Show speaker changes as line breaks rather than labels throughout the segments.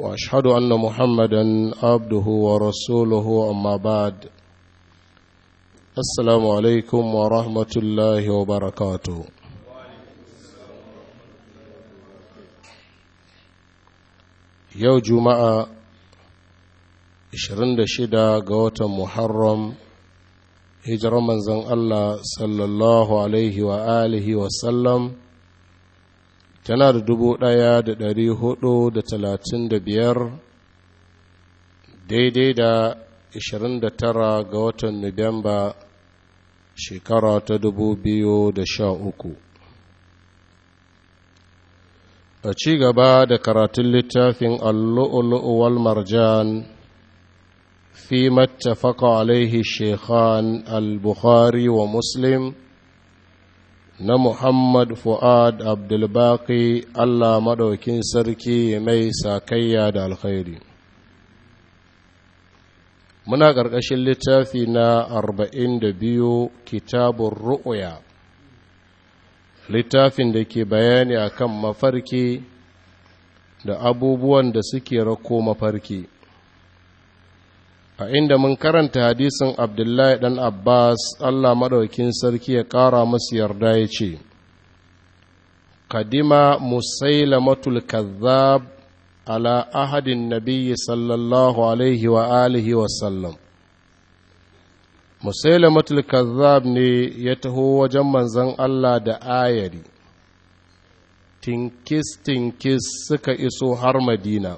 واشهد ان محمدا عبده ورسوله اما بعد السلام عليكم ورحمه الله وبركاته yau juma'a 26 ga watan muharram hijirar manzon allah sallallahu alaihi wa alihi sallam. tana da dubu ɗaya da ɗari hudu da talatin da biyar daidai da ishirin da tara ga watan nuwamba shekara ta dubu biyu da sha uku a ci gaba da karatun littafin allu'ulu'u wal marjan fi mattafaka alaihi shekhan al-bukhari wa muslim na Muhammad Fu'ad Abdulbaki Allah maɗaukin sarki mai sakayya da alkhairi. Muna ƙarƙashin littafi na arba'in da biyu kitabun ru'uya, littafin da ke bayani akan mafarki da abubuwan da suke rako mafarki. a inda mun karanta hadisin abdullahi dan abbas allah maɗaukin sarki ya ƙara masu yarda ya ce kadima musailamatul kazzab ala ahadin nabiyyi sallallahu alaihi wa alihi wa sallam musailamatul kazzab ne ya taho wajen manzon allah da ayari tinkis tinkis suka iso har madina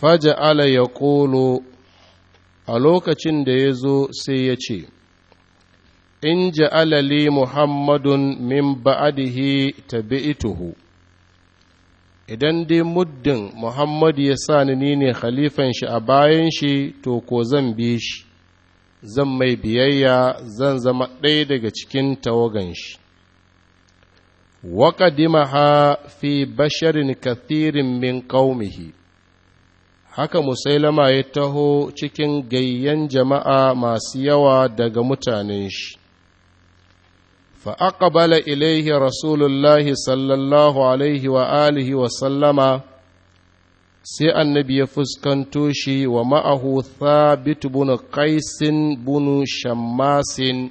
Faja ala ya ƙolo a lokacin da ya zo sai ya ce in ji alali muhammadun min ba'adihi tabi'ituhu idan dai muddin muhammadu ya sa ni ne khalifan shi a bayan shi to ko zan bi shi zan mai biyayya zan zama ɗaya daga cikin tawagan shi ha fi basharin kathirin min ƙaumihi haka musailama ya taho cikin gayyan jama'a masu yawa daga mutanen shi Fa fa'aƙabala ilaihi rasulullahi sallallahu alaihi wa alihi wa sallama sai annabi ya fuskanto shi wa ma'ahu thabit bunu kaisin bunu shammasin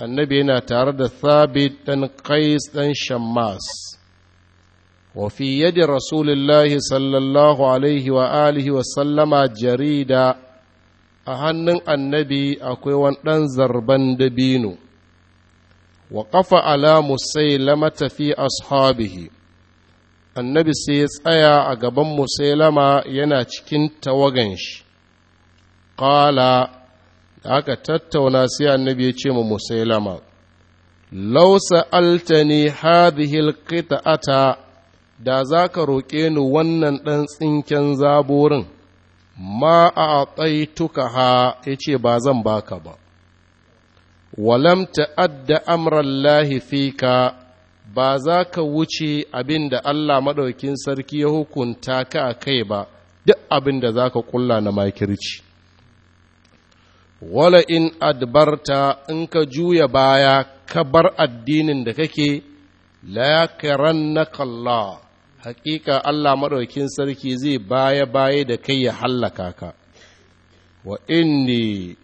annabi yana tare da thabit ɗan kais ɗan shammas wa fi yadi rasulillahi sallallahu alaihi wa alihi wa sallama jarida a hannun annabi akwai wani zarban dabino wa ƙafa ala musailama tafi ashabihi annabi sai ya tsaya a gaban musailama yana cikin tawagan shi ƙala da aka tattauna sai annabi ya ce ma musailama lausa altani hadhihi alqita'ata da za ka roƙe ni wannan ɗan tsinken zaburin ma a tuka ha ya ce ba zan baka ba walam ta'adda amrallahi fika ba za ka wuce abin da Allah maɗaukin sarki ya hukunta ka a kai ba duk abin da za ka ƙulla na makirci wala in adbarta in ka juya baya ka bar addinin da kake la ya Allah haƙiƙa Allah maɗaukin sarki zai baya-baya da kai ya hallaka ka, wa inni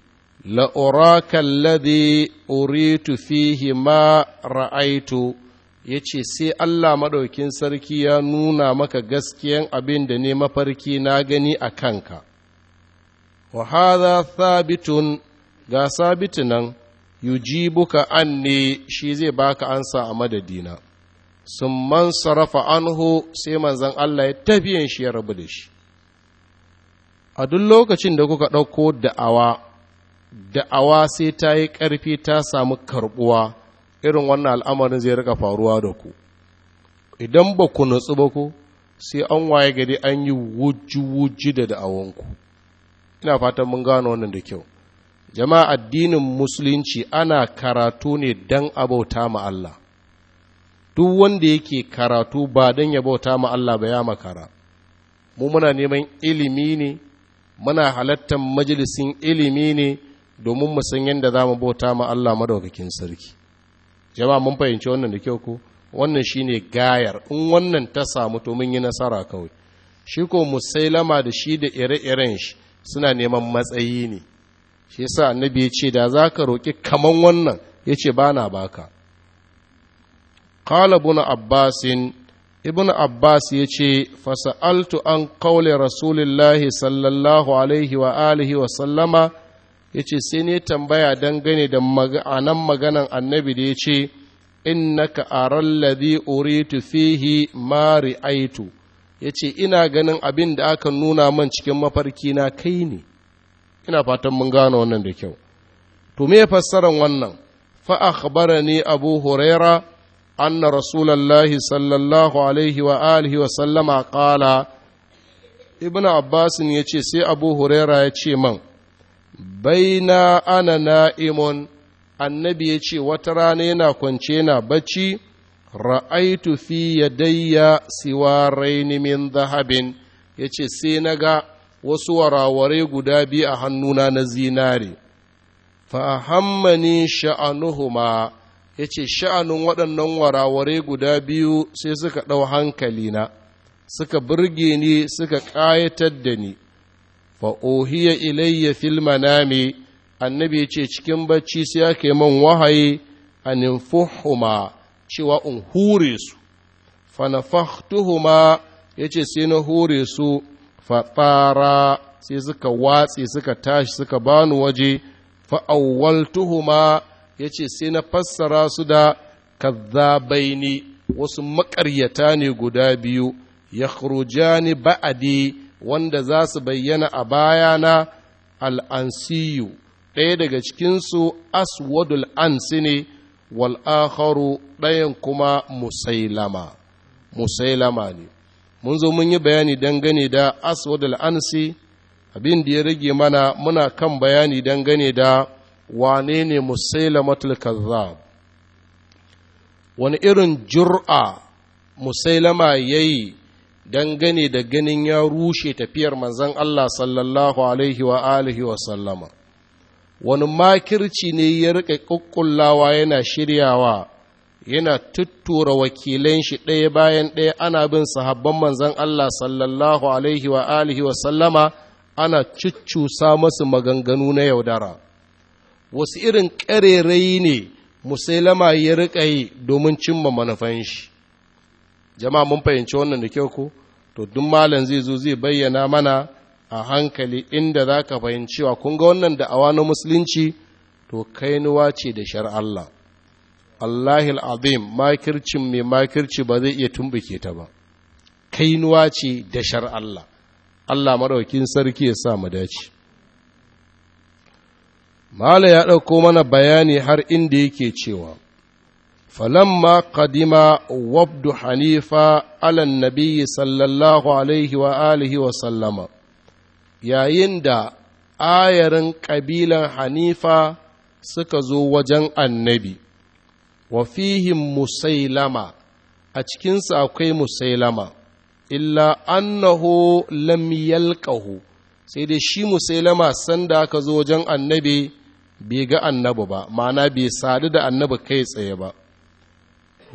la'urakan ladhi uritu fihi ma ra'aitu ya ce sai Allah maɗaukin sarki ya nuna maka gaskiyan abin da ne mafarki na gani a kanka. Wa haza thabitun ga sabitu yujibuka an ne shi zai baka ansa a madadina. sun man sarrafa anhu sai manzan Allah ya tafiyan shi ya rabu da shi a duk lokacin da kuka ɗauko da'awa da'awa sai ta yi ƙarfi ta samu karɓuwa irin wannan al'amarin zai rika faruwa da ku idan ba ku nutsu ba ku sai an waye gari an yi wuji-wuji da da'awanku ina fatan mun gano wannan da kyau jama'a addinin musulunci ana karatu ne don abauta ma Allah duk wanda yake karatu ba don ya bauta ma Allah ba ya makara mu muna neman ilimi ne muna halattar majalisin ilimi ne domin mu san yadda za mu bauta ma Allah madaukakin sarki jama'a mun fahimci wannan da kyau ko wannan shine gayar in wannan ta samu to mun yi nasara kawai shi ko musailama da shi da ire-iren shi suna neman matsayi ne shi yasa annabi ya ce da za ka roƙi kaman wannan yace bana baka qala ibn abbas ibn abbas yace fasa'altu an kaule rasulillahi sallallahu alaihi wa alihi wa sallama ya ce sai ne tambaya dangane da ma'anan maganan annabi da ya yace innaka aral ladhi uritu fihi aitu, ya ce ina ganin abin da aka nuna man cikin mafarki na kai ne ina fatan mun gane wannan da kyau to me fassaran wannan Fa’a abu huraira أن رسول الله صلى الله عليه وآله وسلم قال ابن عباس يتي سي أبو هريرة يتي من بين أنا نائم annabi ya ce wata rana yana kwance yana bacci ra'aitu fi yadayya siwaraini min zahabin ya ce sai na ga wasu warawarai guda biyu a hannuna na zinare fa hammani sha'anuhuma ya ce sha'anin waɗannan warawarai guda biyu sai suka ɗau hankali na suka burge ni suka ƙayatar da ni fa’ohiyya ilayya fil manami annabi ya ce cikin bacci sai ya ke man wahayi a nufuhuma cewa in hure su fanafahtuhuma ya ce sai na hure su fatsara sai suka watse suka tashi suka bani waje fa'awwaltuhuma ya ce sai na fassara su da ne wasu maƙaryata ne guda biyu ya ni ba'adi wanda za su bayyana a bayana al'ansiyu ɗaya daga cikinsu aswadul ansi ne wal'akharu ɗayan kuma musailama musailama ne mun zo mun yi bayani dangane da aswadul ansi abin da ya rage mana muna kan bayani dangane da wane ne musailamatul kazzab wani irin jur'a musailama ya yi dangane da ganin ya rushe tafiyar manzan Allah sallallahu alaihi wa alihi wa sallama wani makirci ne ya rika kukkullawa yana shiryawa yana tuttura wakilan shi ɗaya bayan ɗaya ana bin sahabban manzan Allah sallallahu alaihi wa alihi wa sallama ana cuccusa masu maganganu na yaudara wasu irin ƙarerai ne musailama ya riƙa yi domin cimma manufan shi jama'a mun fahimci wannan da kyau ko to duk malam zai zo zai bayyana mana a hankali inda za ka wa kun ga wannan da awa na musulunci to kainuwa ce da shar Allah Allahi al'azim makircin mai makirci ba zai iya tumbuke ta ba kainuwa ce da shar Allah Allah maraukin sarki ya sa mu dace mala ya ɗauko mana bayani har inda yake cewa falamma kadima wabdu hanifa alan nabiyyi sallallahu alaihi wa alihi wa sallama yayin da ayarin ƙabilan hanifa suka zo wajen annabi wa fihim musailama a cikinsa akwai musailama illa annahu lam sai dai shi musailama sanda aka zo wajen annabi bai ga annabi ba ma'ana bai sadu da annabi kai tsaye ba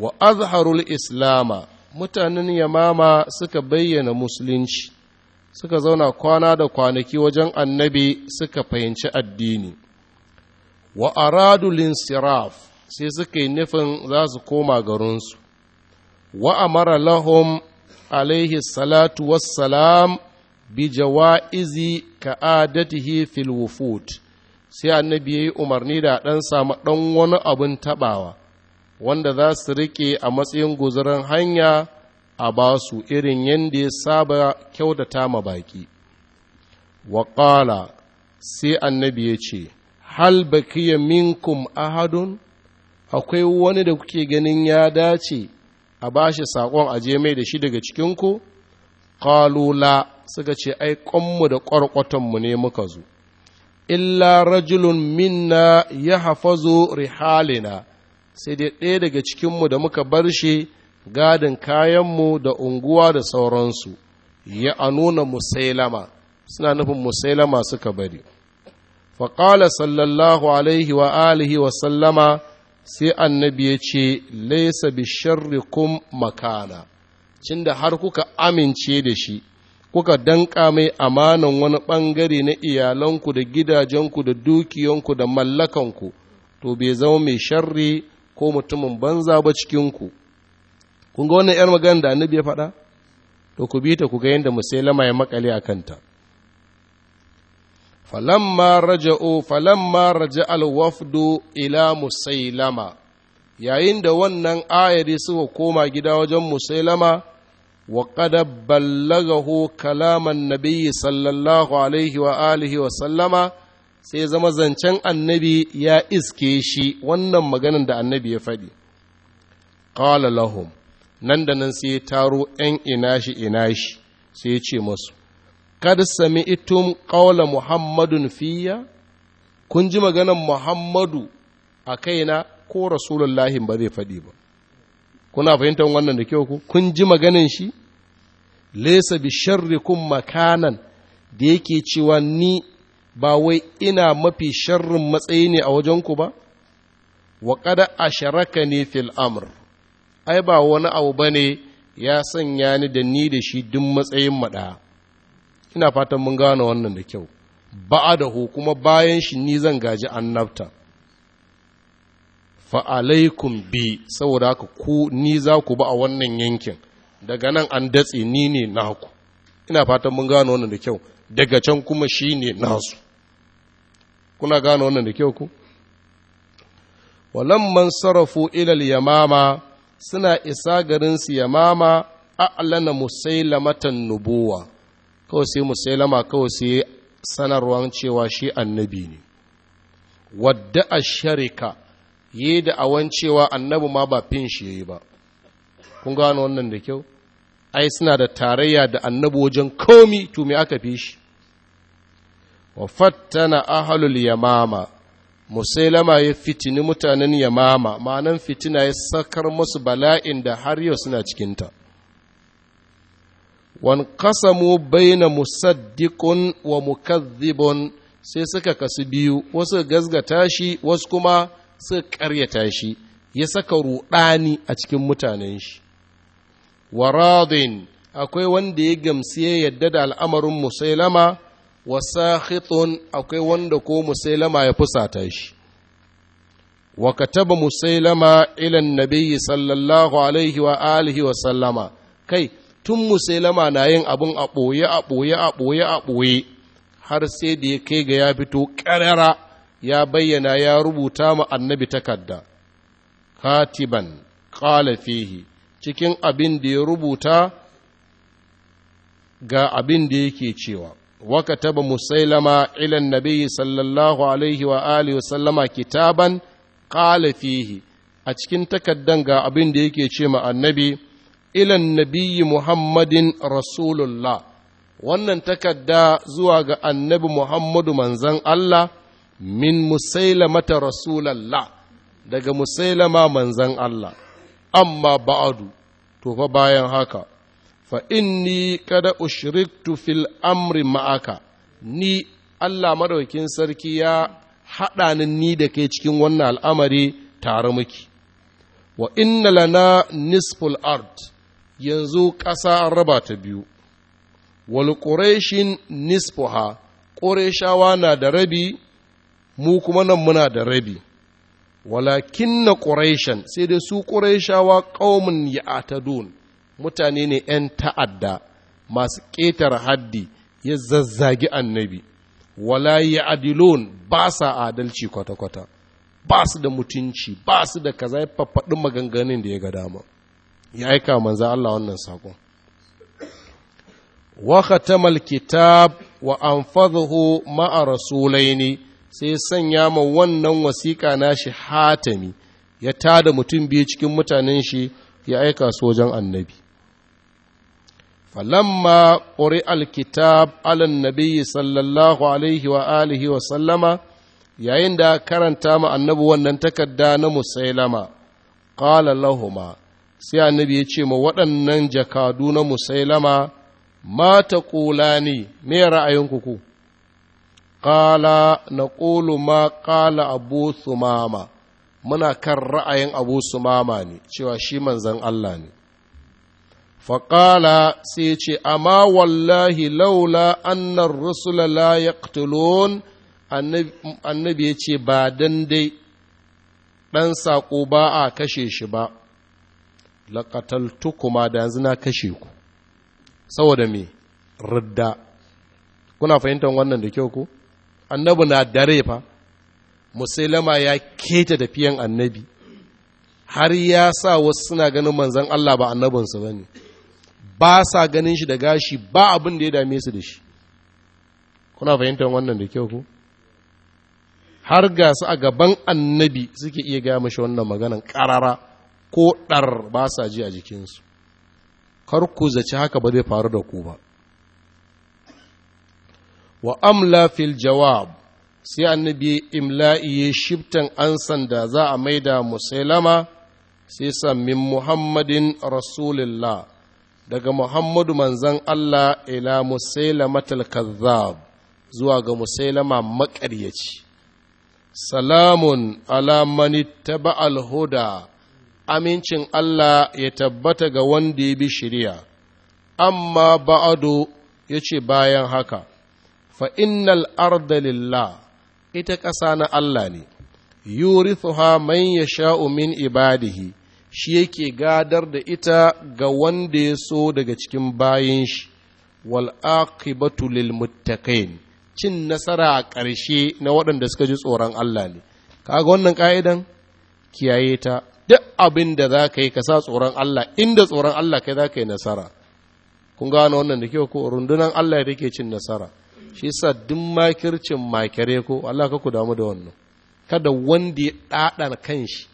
wa azharul islama mutanen yamama suka bayyana musulunci suka zauna kwana da kwanaki wajen annabi suka fahimci addini wa aradulin linsiraf sai suka yi nufin za su koma garinsu wa amara lahum alaihi salatu wassalam bi jawa'izi ka'adatihi fil wufud sai annabi ya yi umarni da ɗan samu ɗan wani abin taɓawa wanda za su riƙe a matsayin guzuran hanya a ba su irin yadda ya saba kyautata ma baƙi waƙala sai annabi ya ce hal bakiya minkum ahadun akwai wani da kuke ganin ya dace a ba shi saƙon aje mai da shi daga cikinku ƙalula suka ce ai ƙonmu da ƙwarƙwatonmu ne muka zo illa rajulun minna ya hafazo rihalina sai dai ɗaya daga cikinmu da muka bar shi gadin kayanmu da unguwa da sauransu ya nuna musailama suna nufin musailama suka bari faƙala sallallahu alaihi wa alihi wa sallama sai annabi ya ce laisa bi sharrikum makana cinda har kuka amince da shi kuka danƙa mai amanan wani ɓangare na iyalanku da gidajenku da dukiyanku da mallakanku to bai zama mai sharri ko mutumin banza ba cikinku kun ga wannan 'yar magana da annabi ya faɗa to ku bi ta ku ga yadda musailama ya makale a kanta falamma raja'u falamma ila musailama yayin da wannan ayari suka koma gida wajen musailama وقد بلغه كلام النبي صلى الله عليه وآله وسلم sai zama zancen annabi ya iske shi wannan maganin da annabi ya faɗi qala lahum nan da nan sai taro ‘yan ina shi ina shi sai ce masu, Kada sami itum ƙaula Muhammadun fiya, kun ji maganan Muhammadu a kaina ko Rasulullahi ba zai faɗi ba. Kuna fahimtar wannan da kyau ku, kun ji maganan shi? lesa bi sharrikum makanan da yake cewa ni ba wai ina mafi sharrin matsayi ne a wajen ku ba wa kada asharaka ne fil amr ai ba wani abu bane ya sanya ni da ni da shi duk matsayin maɗa ina fatan mun gane wannan da kyau ba'a da kuma bayan shi ni zan gaji annabta fa alaikum bi saboda haka ku ni za ku ba a wannan yankin daga nan an datse ni ne naku ina fatan mun gano wannan da kyau daga can kuma shi ne nasu kuna gano wannan da kyau ku walamman sarrafu ilal yamama suna isa garin su yamama a'lana musailamatan nubuwa kawai sai musailama kawai sai sanarwan cewa shi annabi ne wadda a sharika yi da awan cewa annabi ma ba fin shi yayi ba kun gano wannan da kyau ai suna da tarayya da annabi wajen komi to me aka fi shi wa fattana ahlul yamama musailama ya fitini mutanen yamama ma'anan fitina ya sakar musu bala'in da har yau suna cikinta wan qasamu baina musaddiqun wa mukaththibun sai suka kasu biyu wasu gazgata shi wasu kuma suka karyata shi ya saka ruɗani a cikin mutanen shi wa akwai wanda ya gamsu ya yadda da al'amarin musailama wa sahitun akwai wanda ko musailama ya fusata shi wa kataba musailama ilan nabi sallallahu alaihi wa alihi wa sallama kai tun musailama na yin abin a ɓoye a ɓoye a ɓoye a ɓoye har sai da ya kai ga ya fito ƙarara ya bayyana ya rubuta ma annabi takarda katiban qala fihi cikin abin da ya rubuta ga abin da yake cewa waka taba musailama ilan nabi sallallahu alaihi wa alihi wa sallama kitaban qala fihi a cikin takaddan ga abin da yake ce ma annabi ilan nabi muhammadin rasulullah wannan takadda zuwa ga annabi muhammadu manzan allah min musailamata rasulallah daga musailama manzan allah amma ba'adu to fa bayan haka fa inni kada ushriktu fil amri ma'aka ni Allah madaukin sarki ya haɗa ni ni da kai cikin wannan al'amari tare muke wa inna lana nisful art yanzu ƙasa raba ta biyu wal quraishin nisfuha qurayshawa na da rabi mu kuma nan muna da rabi walakin na ƙureshen sai dai su ƙureshawa ƙaumin ya'atadun mutane ne ‘yan ta'adda masu ƙetare haddi ya zazzagi annabi wala ya'adilun ba sa adalci kwata-kwata ba su da mutunci ba su da kaza ya faffaɗi maganganun da ya ga dama ya aika manza Allah wannan saƙon wa khatamal kitab wa anfadhu ma'a rasulaini sai sanya ma wannan wasiƙa nashi hatami ya tada mutum biyu cikin mutanen shi ya aika sojan annabi falamma ƙuri alkitab alan nabiyyi sallallahu alaihi wa alihi wa sallama yayin da karanta ma annabi wannan takarda na musailama qala lahuma sai annabi ya ce ma waɗannan jakadu na musailama mata ƙula ne me ra'ayinku ku ƙala na ƙulu ma ƙala abu sumama muna kan ra'ayin abu sumama ne cewa shi manzan Allah ne faƙala sai ce amma wallahi laula annan rusula la yaqtulun annabi ya ce ba dan dai ɗan saƙo ba a kashe shi ba laƙataltu kuma da yanzu na kashe ku saboda me ridda kuna fahimtar wannan da kyau ku annabi na dare fa musulama ya keta tafiyan annabi har ya sa wasu suna ganin manzan Allah ba annabinsu ba ne ba sa ganin shi da gashi ba abin da ya dame su da shi kuna fahimtar wannan da kyau ku har ga su a gaban annabi suke iya gaya mashi wannan maganan karara ko ɗar ba sa ji a jikinsu kar ku zaci haka ba zai faru da ku ba wa amla fil jawab sai annabi imla'i ya shibtan ansan da za a maida musailama sai sa min muhammadin rasulillah daga muhammadu manzan allah ila musailamatul kazzab zuwa ga musailama maƙaryaci salamun ala mani taba'al huda amincin allah ya tabbata ga wanda ya bi shiriya, amma ba'adu ya ce bayan haka fa innal arda lillah ita ƙasa na Allah ne yurithuha man yasha'u min ibadihi shi yake gadar da ita ga wanda ya so daga cikin bayan shi wal aqibatu lil muttaqin cin nasara a ƙarshe na waɗanda suka ji tsoron Allah ne kaga wannan ka'idan kiyaye ta duk abin da za ka yi ka sa tsoron Allah inda tsoron Allah kai za ka yi nasara kun gano wannan da kyau ko rundunan Allah ya take cin nasara shi sa duk makircin makare ko Allah ka ku damu da wannan kada wanda ya ɗaɗa kanshi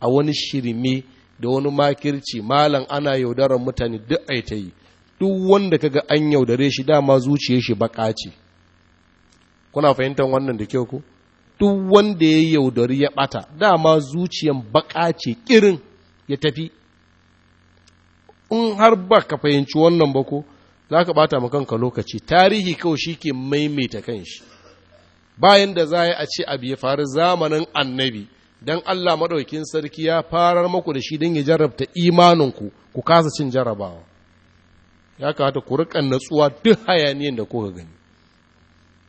a wani shirme da wani makirci malam ana yaudarar mutane duk ai ta yi duk wanda kaga an yaudare shi dama zuciyar shi baka ce kuna fahimtar wannan da kyau ko duk wanda ya yaudari ya bata dama zuciyan baka ce kirin ya tafi in har ba ka fahimci wannan ba ko za ka ɓata ma kanka lokaci tarihi kawai shi ke maimaita kanshi bayan da za a ce abu ya faru zamanin annabi don Allah maɗaukin sarki ya farar maku da shi don ya jarrabta imaninku ku kasa cin jarabawa ya kamata ku riƙa natsuwa duk hayaniyar da kuka gani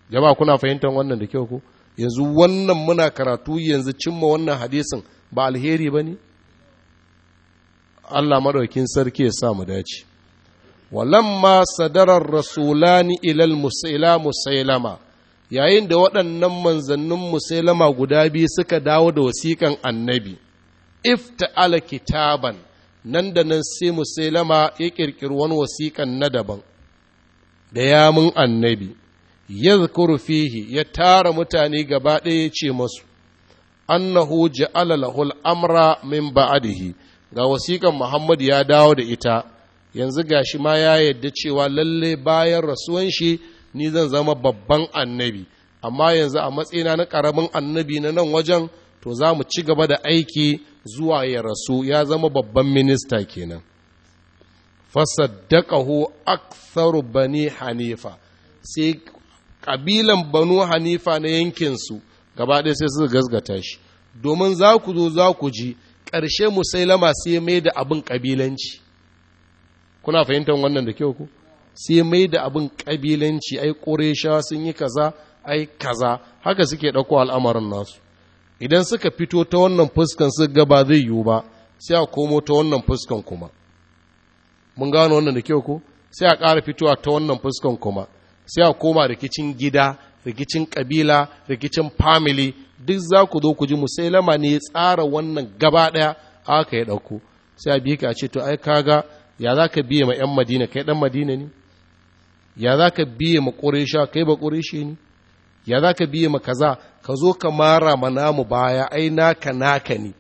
jama'a kuna fahimtar wannan da kyau ku yanzu wannan muna karatu yanzu cimma wannan hadisin ba alheri ba ne Allah maɗaukin sarki ya sa mu dace walamma sadarar rasulani ilal musaila musailama yayin da waɗannan manzannin musailama guda biyu suka dawo da wasiƙan annabi ifta'ala kitaban nan da nan sai musailama ya ƙirƙiri wani wasiƙan na daban da yamin annabi ya fihi ya tara mutane gaba ɗaya ya ce masu annahu ja'ala lahul amra min ba'adihi ga wasiƙan muhammad ya dawo da ita yanzu ga shi ma ya yadda cewa lalle bayan rasuwan shi ni zan zama babban annabi amma yanzu a matsayina na karamin annabi na nan wajen to za mu ci gaba da aiki zuwa ya rasu ya zama babban minista kenan fasaddaqahu aktharu bani hanifa sai kabilan banu hanifa na yankinsu gaba ɗaya sai suka gasgata shi domin za ku zo za ku ji ƙarshe musailama sai mai da abin ƙabilanci kuna fahimtar wannan da kyau ku sai mai da abin ƙabilanci ai ƙoresha sun yi kaza ai kaza haka suke ɗauko al'amarin nasu idan suka fito ta wannan fuskan su ga ba zai yiwu ba sai a komo ta wannan fuskan kuma mun gano wannan da kyau ku? sai a ƙara fitowa ta wannan fuskan kuma sai a koma rikicin gida rikicin ƙabila rikicin family duk za ku zo ku ji musailama ne tsara wannan gaba ɗaya aka ya ɗauko sai a bi ka ce to ai kaga ya za ka biye ma 'yan madina kai ɗan madina ne ya za ka biye ma ƙorisha kai ba ƙorishe ne ya za ka biye ma kaza ka zo ka mara ma namu baya ai naka naka ne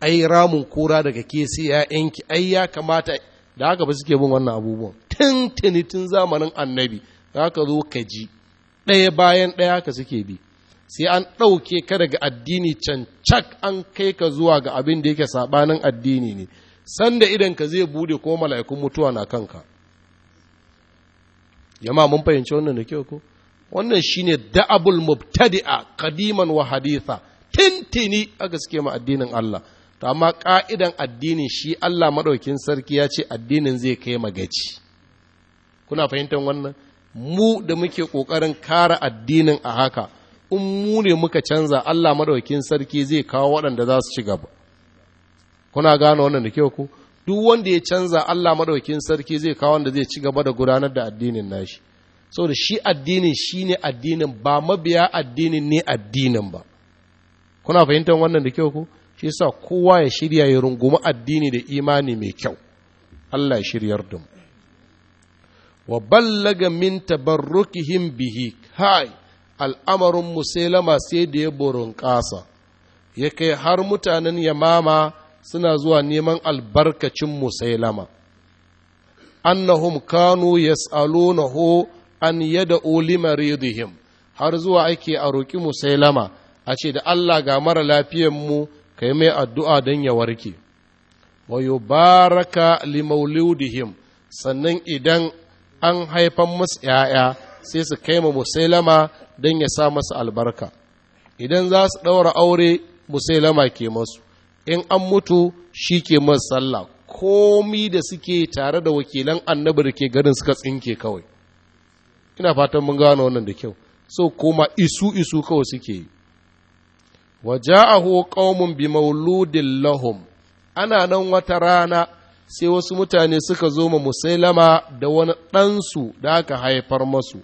ai ramun kura daga ke sai ya yanki ai ya kamata da haka ba suke bin wannan abubuwan tun tuni tun zamanin annabi za ka zo ka ji ɗaya bayan ɗaya ka suke bi sai an ɗauke ka daga addini cancak an kai ka zuwa ga abin da yake saɓanin addini ne sanda idan ka zai bude ko mala'ikun mutuwa na kanka jama'a mun fahimci wannan da kyau ko wannan shine da'abul mubtadi'a qadiman wa haditha tintini a gaske ma addinin Allah to amma ka'idan addinin shi Allah madaukin sarki ya ce addinin zai kai magaci kuna fahimtar wannan mu da muke kokarin kara addinin a haka in mu ne muka canza Allah madaukin sarki zai kawo waɗanda za su ci gaba kuna gano wannan da kyau ku duk wanda ya canza Allah madaukin sarki zai kawo wanda zai ci gaba da gudanar da addinin nashi saboda shi addinin shine addinin ba mabiya addinin ne addinin ba kuna fahimtar wannan da kyau ku shi yasa kowa ya shirya ya rungumi addini da imani mai kyau Allah ya shiryar da mu wa ballaga min tabarrukihim bihi hai al'amarin musailama sai da ya borin ƙasa ya kai har mutanen yamama suna zuwa neman albarkacin musailama annahum kanu yas'alunahu an yad'u limaridihim har zuwa ake a roƙi musailama a ce da Allah ga mara lafiyar mu kai mai addu'a don ya warke wa yubaraka limawludihim sannan idan an haifan musu ‘ya'ya sai su kai ma musailama don ya sa masa albarka idan za su ɗaura aure musailama ke masu in an mutu shi ke masu sallah komi da suke tare da wakilan annabi da ke garin suka tsinke kawai ina fatan mun gano wannan da kyau so koma isu isu kawai suke yi wa ja'ahu qaumun bi mauludin lahum ana nan wata rana sai wasu mutane suka zo ma musailama da wani ɗansu da aka haifar masu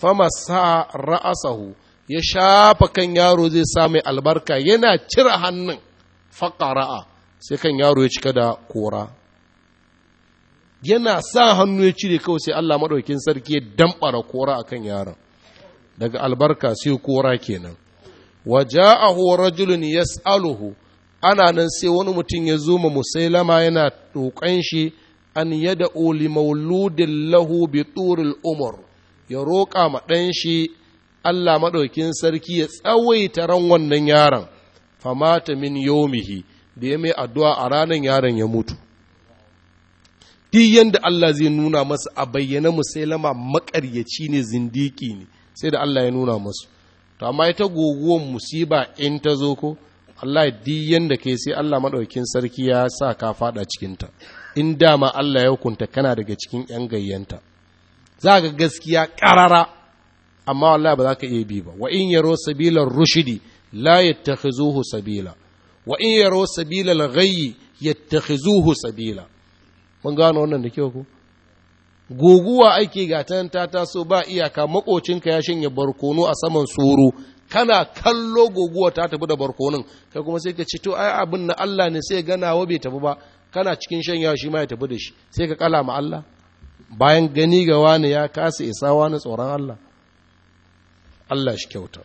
fama sa ra'asahu ya shafa kan yaro zai sa mai albarka yana cire hannun faƙara'a sai kan yaro ya cika da kora yana sa hannu ya cire kawai sai Allah maɗaukin sarki ya damɓara kora a kan yaron daga albarka sai kora kenan wa ja'ahu rajulun yas'aluhu ana nan sai wani mutum ya zo ma musailama yana tokan shi an yada li mauludin lahu bi turil umur ya roƙa ma ɗan shi Allah maɗaukin sarki ya tsawaita ran wannan yaron famata min yomihi da ya mai addu'a a ranar yaron ya mutu duk yadda Allah zai nuna masa a bayyana musailama makaryaci ne zindiki ne sai da Allah ya nuna masu to amma ita goguwan musiba in ta zo ko Allah yadda kai sai Allah maɗaukin sarki ya sa ka faɗa cikinta in dama Allah ya hukunta kana daga cikin ‘yan gayyanta za ga gaskiya ƙarara amma Allah ba za ka iya bi ba wa in yaro sabilar rushidi la yattakhizuhu sabila wa in yaro sabila al-ghayyi yattakhizuhu sabila mun gano wannan da kyau ko guguwa ake gatan ta taso ba iyaka makocinka ya shanye barkono a saman tsoro kana kallo guguwa ta tafi da barkonon kai kuma sai ka ci to ai abin na Allah ne sai ganawa bai tafi ba kana cikin shanya shi ma ya tafi da shi sai ka kala ma Allah bayan gani ga wani ya kasa isa wani tsoron Allah Allah shi kyautar.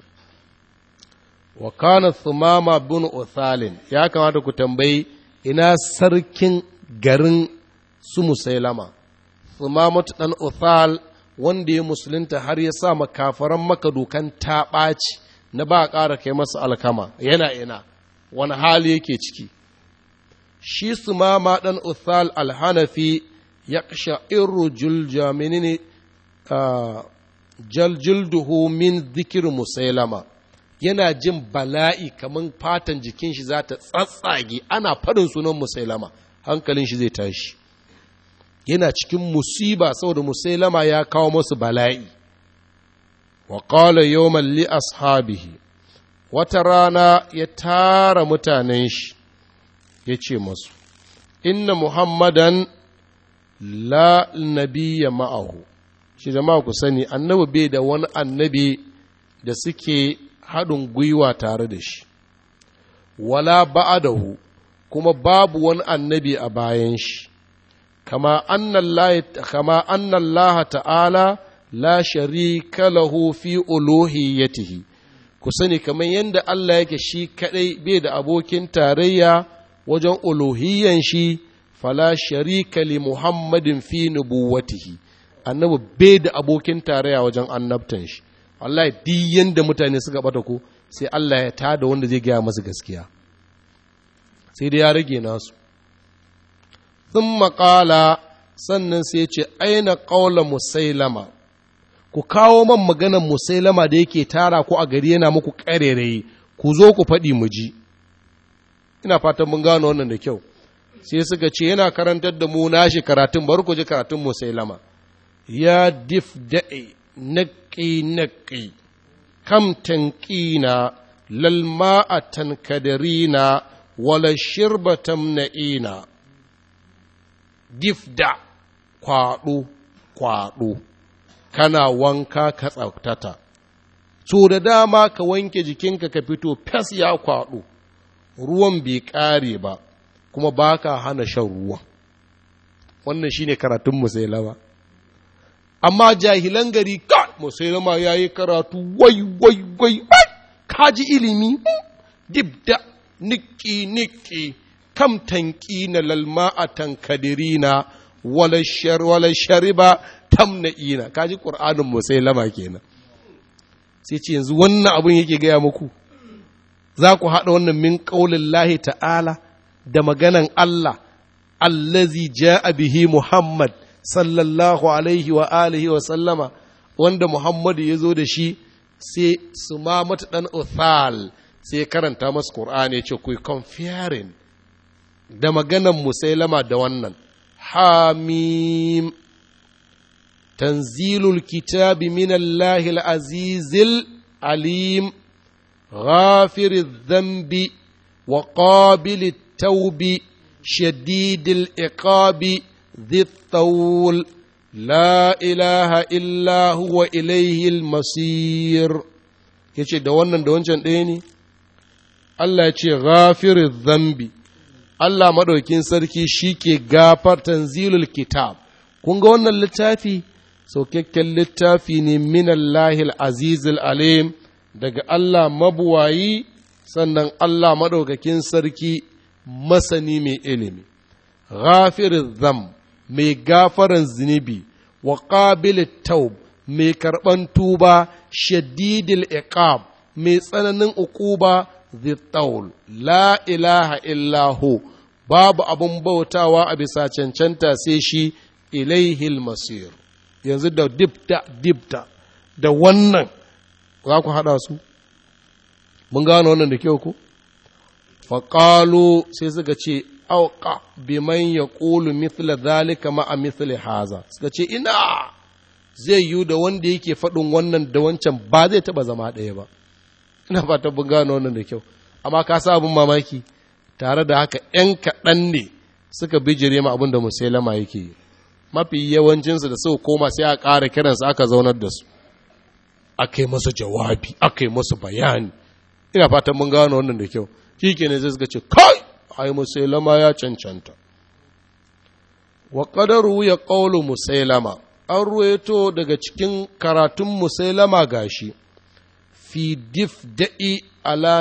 wa kana sumama bin uthalin ya kamata ku tambayi ina sarkin garin su musailama sumamatu dan uthal wanda ya musulunta har ya sa makafaran maka dokan ta ɓaci na ba ƙara kai masa alkama yana ina wani hali yake ciki shi sumama dan uthal alhanafi ya iru juljaminini ah, jalduhu min zikir musailama yana jin bala'i kamar fatan jikin shi za ta tsatsage ana faɗin sunan musailama hankalin shi zai tashi yana cikin musiba saboda musailama ya kawo masu bala'i wa qala yawman li ashabihi wata rana ya tara mutanen shi ya ce masu inna muhammadan la nabiya ma'ahu shi jama'a ku sani annabi bai da wani annabi da suke haɗin gwiwa tare da shi wala ba'adahu kuma babu wani annabi a bayan shi kama annan laha ta'ala la sharika lahu fi uluhiyatihi ku sani kamar yadda Allah yake shi kaɗai bai da abokin tarayya wajen uluhiyyan shi fala sharika li muhammadin fi nubuwatihi annabi bai da abokin tarayya wajen annabtan shi wallahi duk yanda mutane suka bata ku sai Allah ya tada wanda zai gaya masu gaskiya sai dai ya rage nasu sun maƙala sannan sai ce aina ƙaula musailama ku kawo man maganan musailama da yake tara ku a gari yana muku ƙarerayi ku zo ku faɗi mu ji ina fatan mun gano wannan da kyau sai suka ce yana karantar da mu nashi karatun bari ku ji karatun musailama ya dif da'i nak نقي kam tankina, lalma a tankadarina, wala shirba tamna'ina, difda. kwaɗo kwaɗo kana wanka ka tsaftata so da dama ka wanke jikinka ka fito fes ya kwaɗo ruwan bai ƙare ba kuma baka hana shan ruwan wannan shine karatun musailama amma jahilan gari ka musulma ya yi karatu wai wai wai kaji ilimi hmm. dibda niki niki kam tanki na lalma a tankadirina wala shariba Ka kaji ƙur'anin musulma kenan sai ce yanzu wannan abin yake gaya muku za ku haɗa wannan min ƙaunin lahi ta'ala da maganan Allah allazi ja'a bihi Muhammad sallallahu alaihi wa alihi wa sallama wanda muhammadu ya zo da shi sai su ma ɗan uthal sai karanta masu ƙur'ani ya ce ku comparing da maganan musailama da wannan hamim tanzilul kitabi minan lahil azizil alim غافر الذنب وقابل taubi. شديد العقاب ذي الطول لا إله إلا هو إليه المصير yace da wannan da wancan ɗaya ne Allah ya ce ghafiru zambi Allah maɗaukin sarki shi ke gafar tanzilul kitab kun ga wannan littafi saukakken littafi ne minallahil azizul alim daga Allah mabuwayi sannan Allah maɗaukakin sarki masani mai ilimi ghafiru zambi mai gafaran zunubi wa qabilit taub mai karɓan tuba shadidil iqab mai tsananin uquba taul la ilaha illahu babu abun bautawa a bisa cancanta sai shi ilaihil masir yanzu da dibta dibta da wannan za ku haɗa su mun gano wannan da kyau ku faƙalo sai suka ce auka biman ya ƙulu mithla zalika ma a misli haza suka ce ina zai yi da wanda yake faɗin wannan da wancan ba zai taɓa zama ɗaya ba ina fata bin gano wannan da kyau amma ka sa abin mamaki tare da haka ‘yan kaɗan ne suka bijire ma abin da musailama yake yi mafi yawancinsu da suka koma sai a ƙara kiransu aka zaunar da su aka yi masa jawabi aka yi masa bayani ina fatan mun gano wannan da kyau shi ne zai suka ce kai ai musailama ya cancanta wa qadaru ya qawlu musailama an ruwaito daga cikin karatun musailama gashi fi difda'i ala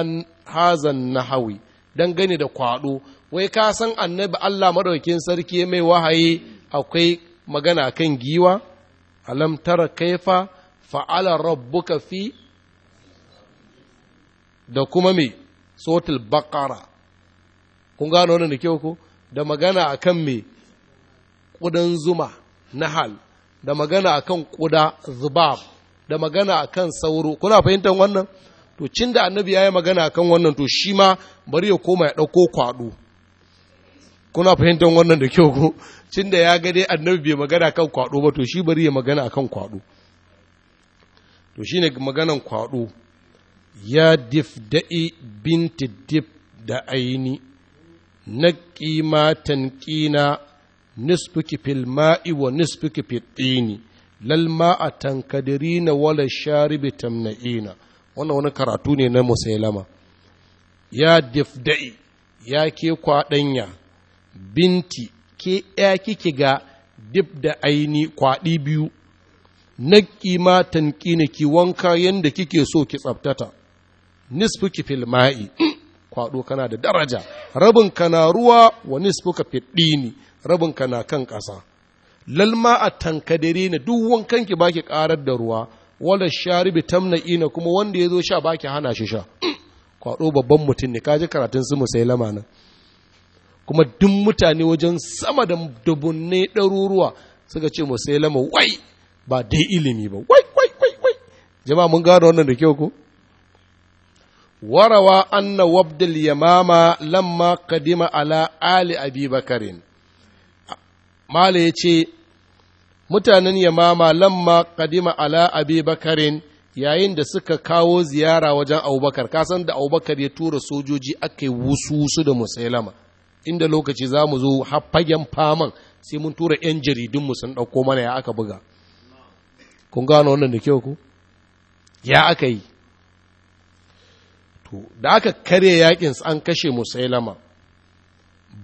hazan nahawi gane da kwado wai ka san annabi Allah madaukin sarki mai wahayi akwai magana kan giwa alam tara kaifa fa'ala rabbuka fi da kuma mai sotul bakara kun gano wannan da kyau ko da magana akan me ƙudan zuma nahal da magana akan ƙuda zubab da magana akan sauro kuna fahimtar wannan to cin da annabi ya yi magana akan wannan to shi ma bari ya koma ya ɗauko kwaɗo kuna fahimtar wannan da kyau ko cin da ya ga dai annabi bai magana akan kwaɗo ba to shi bari ya magana akan kwaɗo to shi ne maganan kwaɗo ya difda'i binti dif da aini نقي ما تنقينا نسبك في الماء ونسبك في الطين للماء تنكدرين ولا الشارب تمنعين wannan wani karatu ne na musailama ya difda'i ya ke kwaɗanya binti ke ya kike ga dib da aini kwaɗi biyu na kima tankina ki wanka yadda kike so ki tsaftata nisfu ki filma'i kwado kana da daraja rabin ka na ruwa wani nisfuka fiddini rabin ka na kan ƙasa lalma a tankadare na duk wankan ki baki karar da ruwa wala tamna tamna'ina kuma wanda ya zo sha baki hana shi sha kwado babban mutum ne kaji karatun su musailama nan kuma duk mutane wajen sama da dubunne ɗaruruwa suka ce musailama wai ba dai ilimi ba wai wai wai wai jama'a mun gano wannan da kyau ko وروى أن وفد اليمامة لما قدم على آل أبي بكر ما ليتي mutanen yamama lamma kadima ala abi bakarin yayin da suka kawo ziyara wajen abubakar kasan da abubakar ya tura sojoji aka yi wusu da musailama inda lokaci za mu zo haffagen faman sai mun tura 'yan jaridunmu sun ɗauko mana ya aka buga kun gano wannan da kyau ku ya aka yi to da aka karya yakin an kashe musailama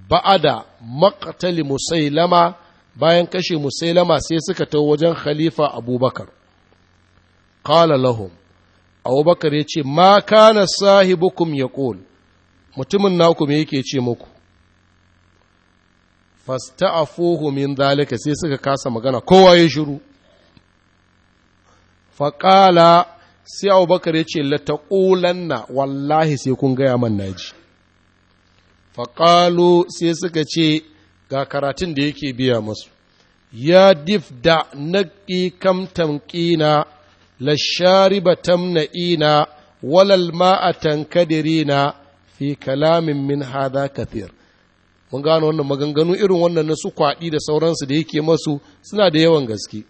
ba'ada maqtali musailama bayan kashe musailama sai suka ta wajen khalifa abubakar qala lahum abubakar ya ce ma kana sahibukum ya ƙol mutumin naku me yake ce muku a min zalika sai suka kasa magana kowa ya shiru faƙala sai abubakar ya ce lataƙulanna wallahi sai kun gaya man naji faƙalo sai suka ce ga karatun da yake biya masu ya dif da naƙi kam tamƙina lashariba ina walal ma'a tankadirina fi kalamin min hada kathir mun gano wannan maganganu irin wannan na su kwaɗi da sauransu da yake masu suna da yawan gaske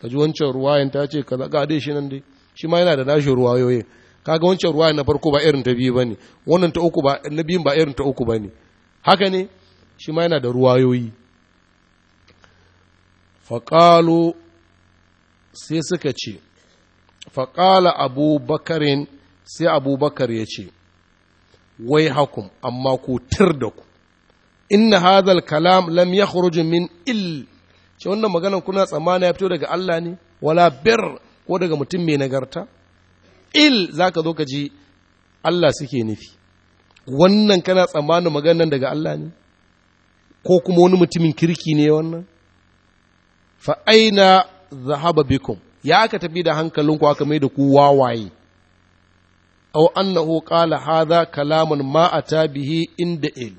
ka ji wancan ruwayan ta ce kaza ga dai shi nan dai shi ma yana da nashi ruwayoyin kaga wancan ruwaya na farko ba irin ta biyu bane wannan ta uku ba na biyun ba irin ta uku bane haka ne shi ma yana da ruwayoyi faƙalo sai suka ce faƙala abubakarin sai abubakar ya ce wai hakum amma ku tir da ku inna hadhal kalam lam yakhruj min il ce wannan magana kuna tsammani ya fito daga Allah ne wala bir ko daga mutum mai nagarta il za ka zo ka ji Allah suke nufi wannan kana tsammanin maganan daga Allah ne ko kuma wani mutumin kirki ne wannan fa'aina zahaba bikum ya aka tafi da hankalinku aka mai da ku wawaye aw annahu qala hadha kalamun ma ata bihi inda il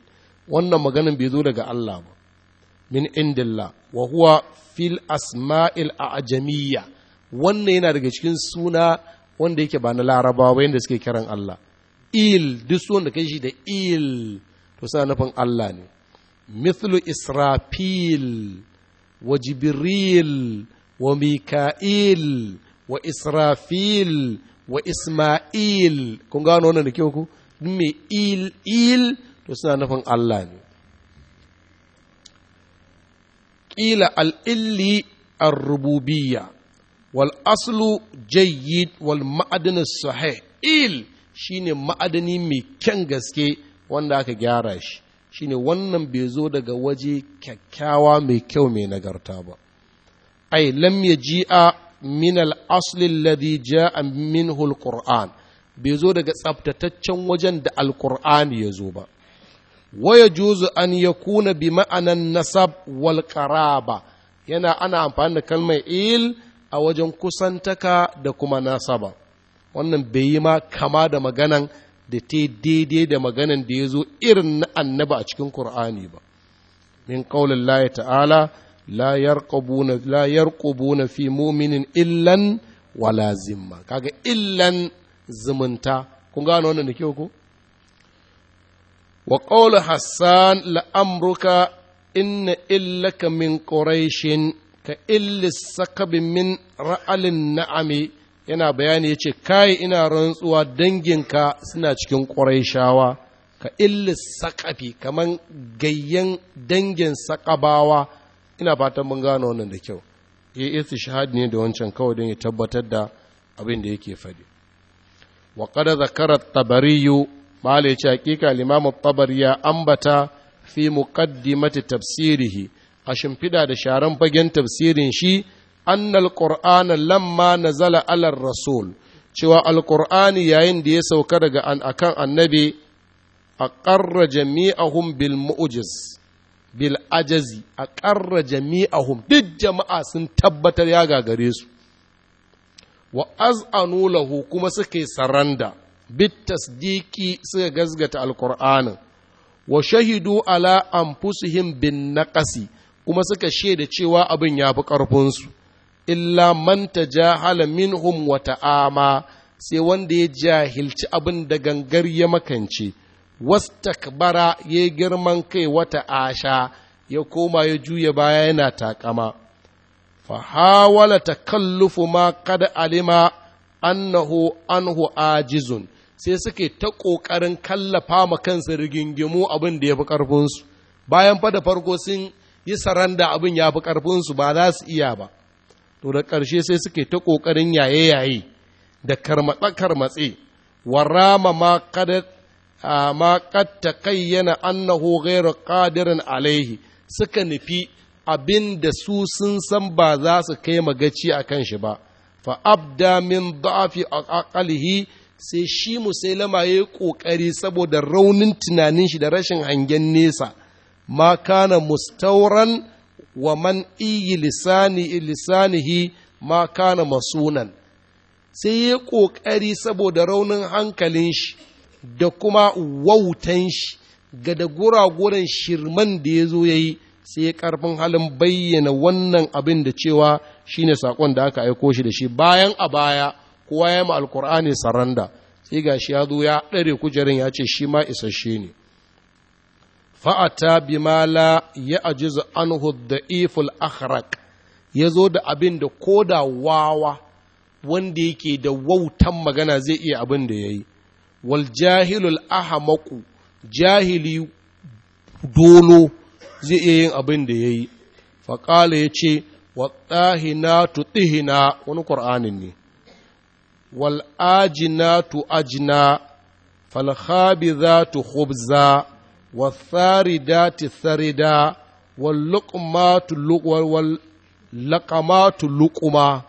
wannan maganan bai zo daga Allah ba min indillah wa huwa fil asma'il a'jamiyya wannan yana daga cikin suna wanda yake ba na larabawa yadda suke kiran Allah il duk suna da kai shi da il to suna nufin Allah ne mithlu israfil wa jibril wa mika'il wa israfil wa isma'il kun gano wannan da kyau ku me il il to suna nufin Allah ne ƙila al'illi ar-rububiyya wal aslu jayyid wal ma'adin sahih il shine ma'adani mai kyan gaske wanda aka gyara shi shine wannan bai zo daga waje kyakkyawa mai kyau mai nagarta ba ai lam yaji'a min al asli alladhi ja'a minhu al qur'an bai zo daga tsaftataccen wajen da al qur'ani ya zo ba waya juzu an ya kuna bi ma'anan nasab wal karaba yana ana amfani da kalmar il a wajen kusantaka da kuma nasaba wannan bai yi ma kama da maganan da ta daidai da maganan da ya zo irin na annaba a cikin Kur'ani ba min qaulin lahi ta'ala la ƙubu na fi mu'minin illan wala zimma kaga illan zumunta kun gano wannan da kyau ko wa qawlu hassan la inna illaka min quraishin ka illis min ra'alin na'ami yana bayani ya ce kai ina rantsuwa danginka suna cikin ƙwarai shawa ka illis sakafi kamar gayyan dangin sakabawa ina fatan mun gano wannan da kyau ya yi shahadi ne da wancan kawai don ya tabbatar da abin da yake faɗi wa qad zakara tabariyu mala ya ce hakika limamun tabari ya ambata fi muqaddimati tafsirihi a shimfiɗa da sharan fagen tafsirin shi annal qur'ana lamma nazala alar rasul cewa alqur'ani yayin da ya sauka daga an akan annabi a ƙarra jami'ahum bil mu'jiz bil ajazi a ƙarra jami'ahum duk jama'a sun tabbatar ya gagare su wa az'anu lahu kuma suke saranda bit tasdiqi suka gazgata alqur'anin wa shahidu ala anfusihim bin naqasi kuma suka shaida cewa abin ya fi ƙarfinsu illa man jahala minhum wa ta'ama sai wanda ya jahilci abin da gangar ya makance wastakbara ya girman kai wata asha ya koma ya juya baya yana takama fahawala kallufu ma kada alima annahu anhu ajizun sai suke ta ƙoƙarin kallafa ma kansu rigingimu abin da ya fi ƙarfinsu bayan fa da farko sun yi da abin ya fi ƙarfinsu ba za su iya ba to da ƙarshe sai suke ta ƙoƙarin yaye-yaye da karmatsa-karmatse warama ma kad ta kayyana annahu ghairu qadirin alaihi suka nufi abin da su sun san ba za su kai magaci a kan shi ba fa abda min da'afi aqalihi sai shi musailama ya yi ƙoƙari saboda raunin tunanin shi da rashin hangen nesa ma kana mustauran wa man iyi lisani ma kana masunan sai ya ƙoƙari saboda raunin hankalin shi da kuma wautan shi ga da guraguren shirman da ya zo ya yi sai ya ƙarfin halin bayyana wannan abin da cewa shine saƙon da aka aiko shi da shi bayan a baya kowa ya ma alkur'ani saranda sai ga shi ya zo ya ɗare kujerin ya ce shi ma isasshe ne fa'ata bi mala ya ajizu da da'iful akhraq ya zo da abin da da wawa wanda yake da wautan magana zai iya abin da ya yi wal jahilul ahamaku jahili dolo zai iya yin abin da ya yi faƙala ya ce wattahina tutihina wani ƙur'anin ne wal ajina tu ajina falhabi za tu hubza والثاردات الثردا واللقمات واللقمات لقما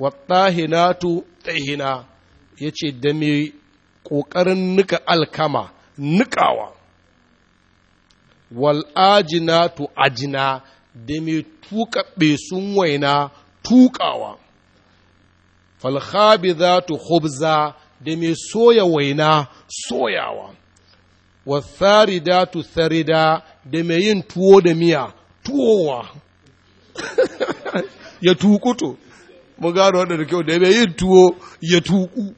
والطاهنات طهنا yace da mai ƙoƙarin nika alkama nikawa wal'ajina to ajina da mai tuka sun waina tuƙawa falhabi za to hubza da mai soya waina soyawa da tu sari da mai yin tuwo da miya tuwowa ya tukuto mu gano wanda da kyau da mai yin tuwo ya tuku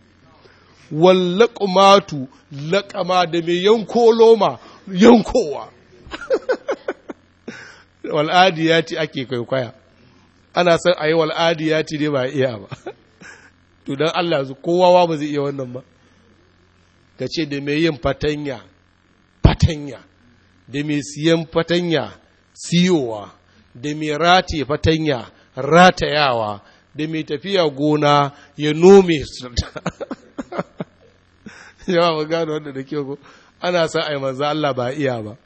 wallakumatu laƙama da mai yanko loma yankowa wal'adiyati ake kwaikwaya ana son a yi wal'adiyati ne ba iya ba to don Allah kowa ba zai iya wannan ba ka ce da mai yin fatanya fatanya da mai siyan fatanya siyowa da mai rataye fatanya ratayawa da mai tafiya gona ya nome su yawa ba gano wanda da kyau ana sa a yi manzo Allah ba iya ba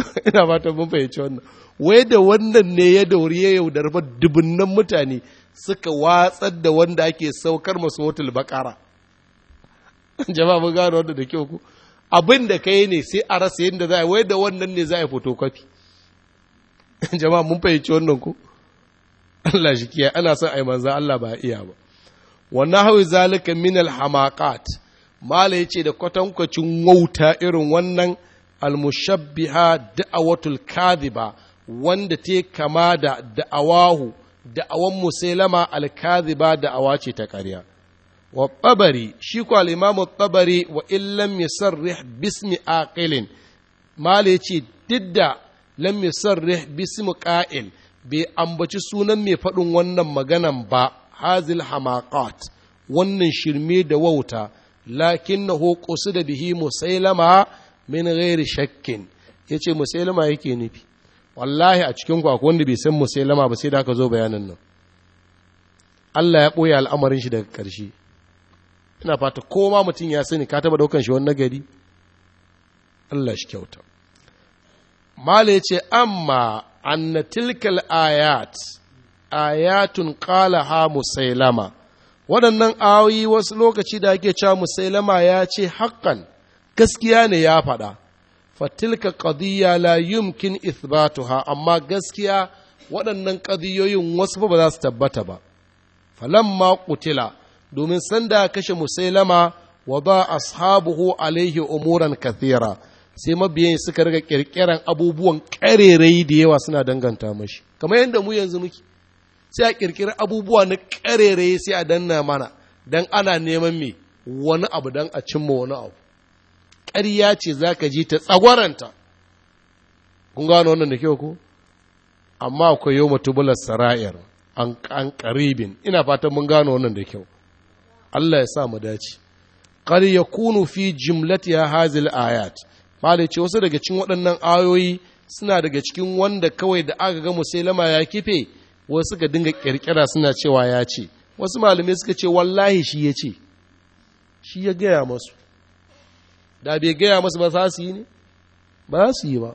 ina fatan mun fahimci wannan wai da wannan ne ya dauri ya yaudar ba dubunnan mutane suka watsar da wanda ake saukar masu hotel bakara jama'a mun gano wanda da kyau ku abin da ka yi ne sai a rasa yadda za a wai da wannan ne za a foto kwafi jama'a mun fahimci wannan ku Allah shi kiyaye ana son ai manzan Allah ba iya ba wannan hawi zalika min alhamaqat mala yace da kwatankwacin wauta irin wannan almushabbiha da'awatul kadhiba wanda ta kama da da'awahu da'awan musailama alkaziba da'awa ce ta ƙarya wa شيكو shi ko al لم يصرح wa عاقل ما ليتي aqilin لم yace didda قائل yusarrih bismi qa'il bai ambaci sunan mai faɗin wannan maganan ba hazil hamaqat wannan shirme da wauta lakinnahu qusida bihi musailama min ghairi shakkin yace musailama yake nufi wallahi a cikin ku akwai wanda bai san musailama ba sai da aka zo bayanan nan Allah ya ɓoye al'amarin shi daga ƙarshe ina fata ko ma mutum ya sani ka taba daukan shi wani nagari Allah shi kyauta mala ya ce amma anna tilkal ayat ayatun qala ha musailama waɗannan ayoyi wasu lokaci da ake cewa musailama ya ce haƙƙan gaskiya ne ya faɗa fatilka qadiyya la yumkin ithbatuha amma gaskiya waɗannan ƙadiyoyin wasu ba za su tabbata ba falamma qutila domin sanda kashe musailama wa ba ashabuhu alaihi umuran kathira sai mabiyan suka riga kirkiran abubuwan karerai da yawa suna danganta mashi kamar yadda mu yanzu muke sai a kirkiri abubuwa na karerai sai a danna mana dan ana neman me wani abu dan a cimma wani abu ƙarya ce za ka ji ta tsagwaranta kun gano wannan da kyau ko amma akwai yau mutubular sara'ir an ƙaribin ina fatan mun gano wannan da kyau Allah ya sa mu dace qad yakunu fi jimlati hazil ayat malai ce wasu daga cikin waɗannan ayoyi suna daga cikin wanda kawai da aka ga musailama ya kife wasu suka dinga kirkira suna cewa ya ce wasu malamai suka ce wallahi shi ya ce shi ya gaya masu da bai gaya masu ba za su yi ne ba za su yi ba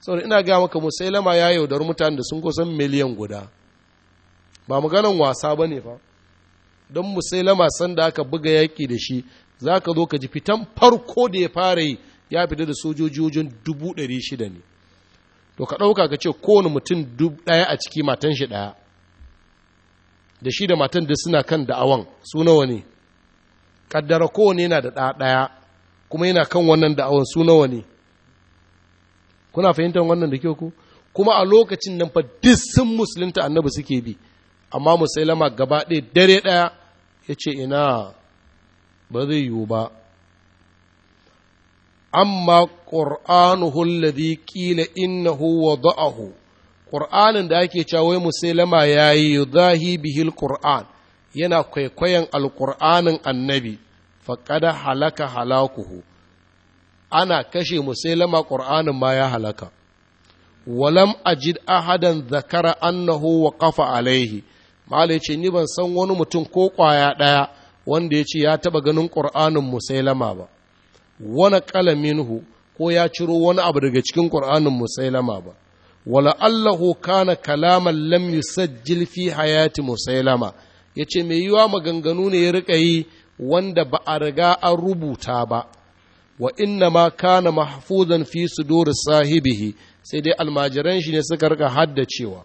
saboda ina gaya maka musailama ya yaudar mutanen da sun kusan miliyan guda ba maganan wasa ba ne fa don musailama sanda aka buga yaƙi da shi za ka zo ka ji fitan farko da ya fara yi ya fita da sojoji wajen dubu ɗari shida ne to ka ɗauka ka ce kowane mutum ɗaya a ciki matan shi ɗaya da shi da matan da suna kan da'awan su nawa ne ƙaddara kowane yana da ɗa ɗaya kuma yana kan wannan da'awan su nawa ne kuna fahimtar wannan da kyau ku kuma a lokacin nan fa duk sun musulunta annabi suke bi amma musailama gaba ɗaya dare ɗaya ya ce ina ba zai yiwu ba amma ƙur'anuhu ƙila qila innahu wada'ahu ƙur'anin da ake cewa wai musailama yayi zahi bihil ƙor'an yana kwaikwayon alƙur'anin annabi faƙada halaka halakuhu ana kashe musailama ƙur'anin ma ya halaka walam ajid ahadan zakara annahu wa kafa alaihi malai ce ni ban san wani mutum ko kwaya ɗaya wanda ya ce ya taɓa ganin ƙur'anin musailama ba wani hu ko ya ciro wani abu daga cikin ƙur'anin musailama ba wala allahu kana kalaman lam yusajjil fi hayati musailama ce mai yiwa maganganu ne ya rika yi wanda ba a riga an rubuta ba wa inna ma kana mahfuzan fi sudur sahibihi sai dai almajiran shi ne suka rika haddacewa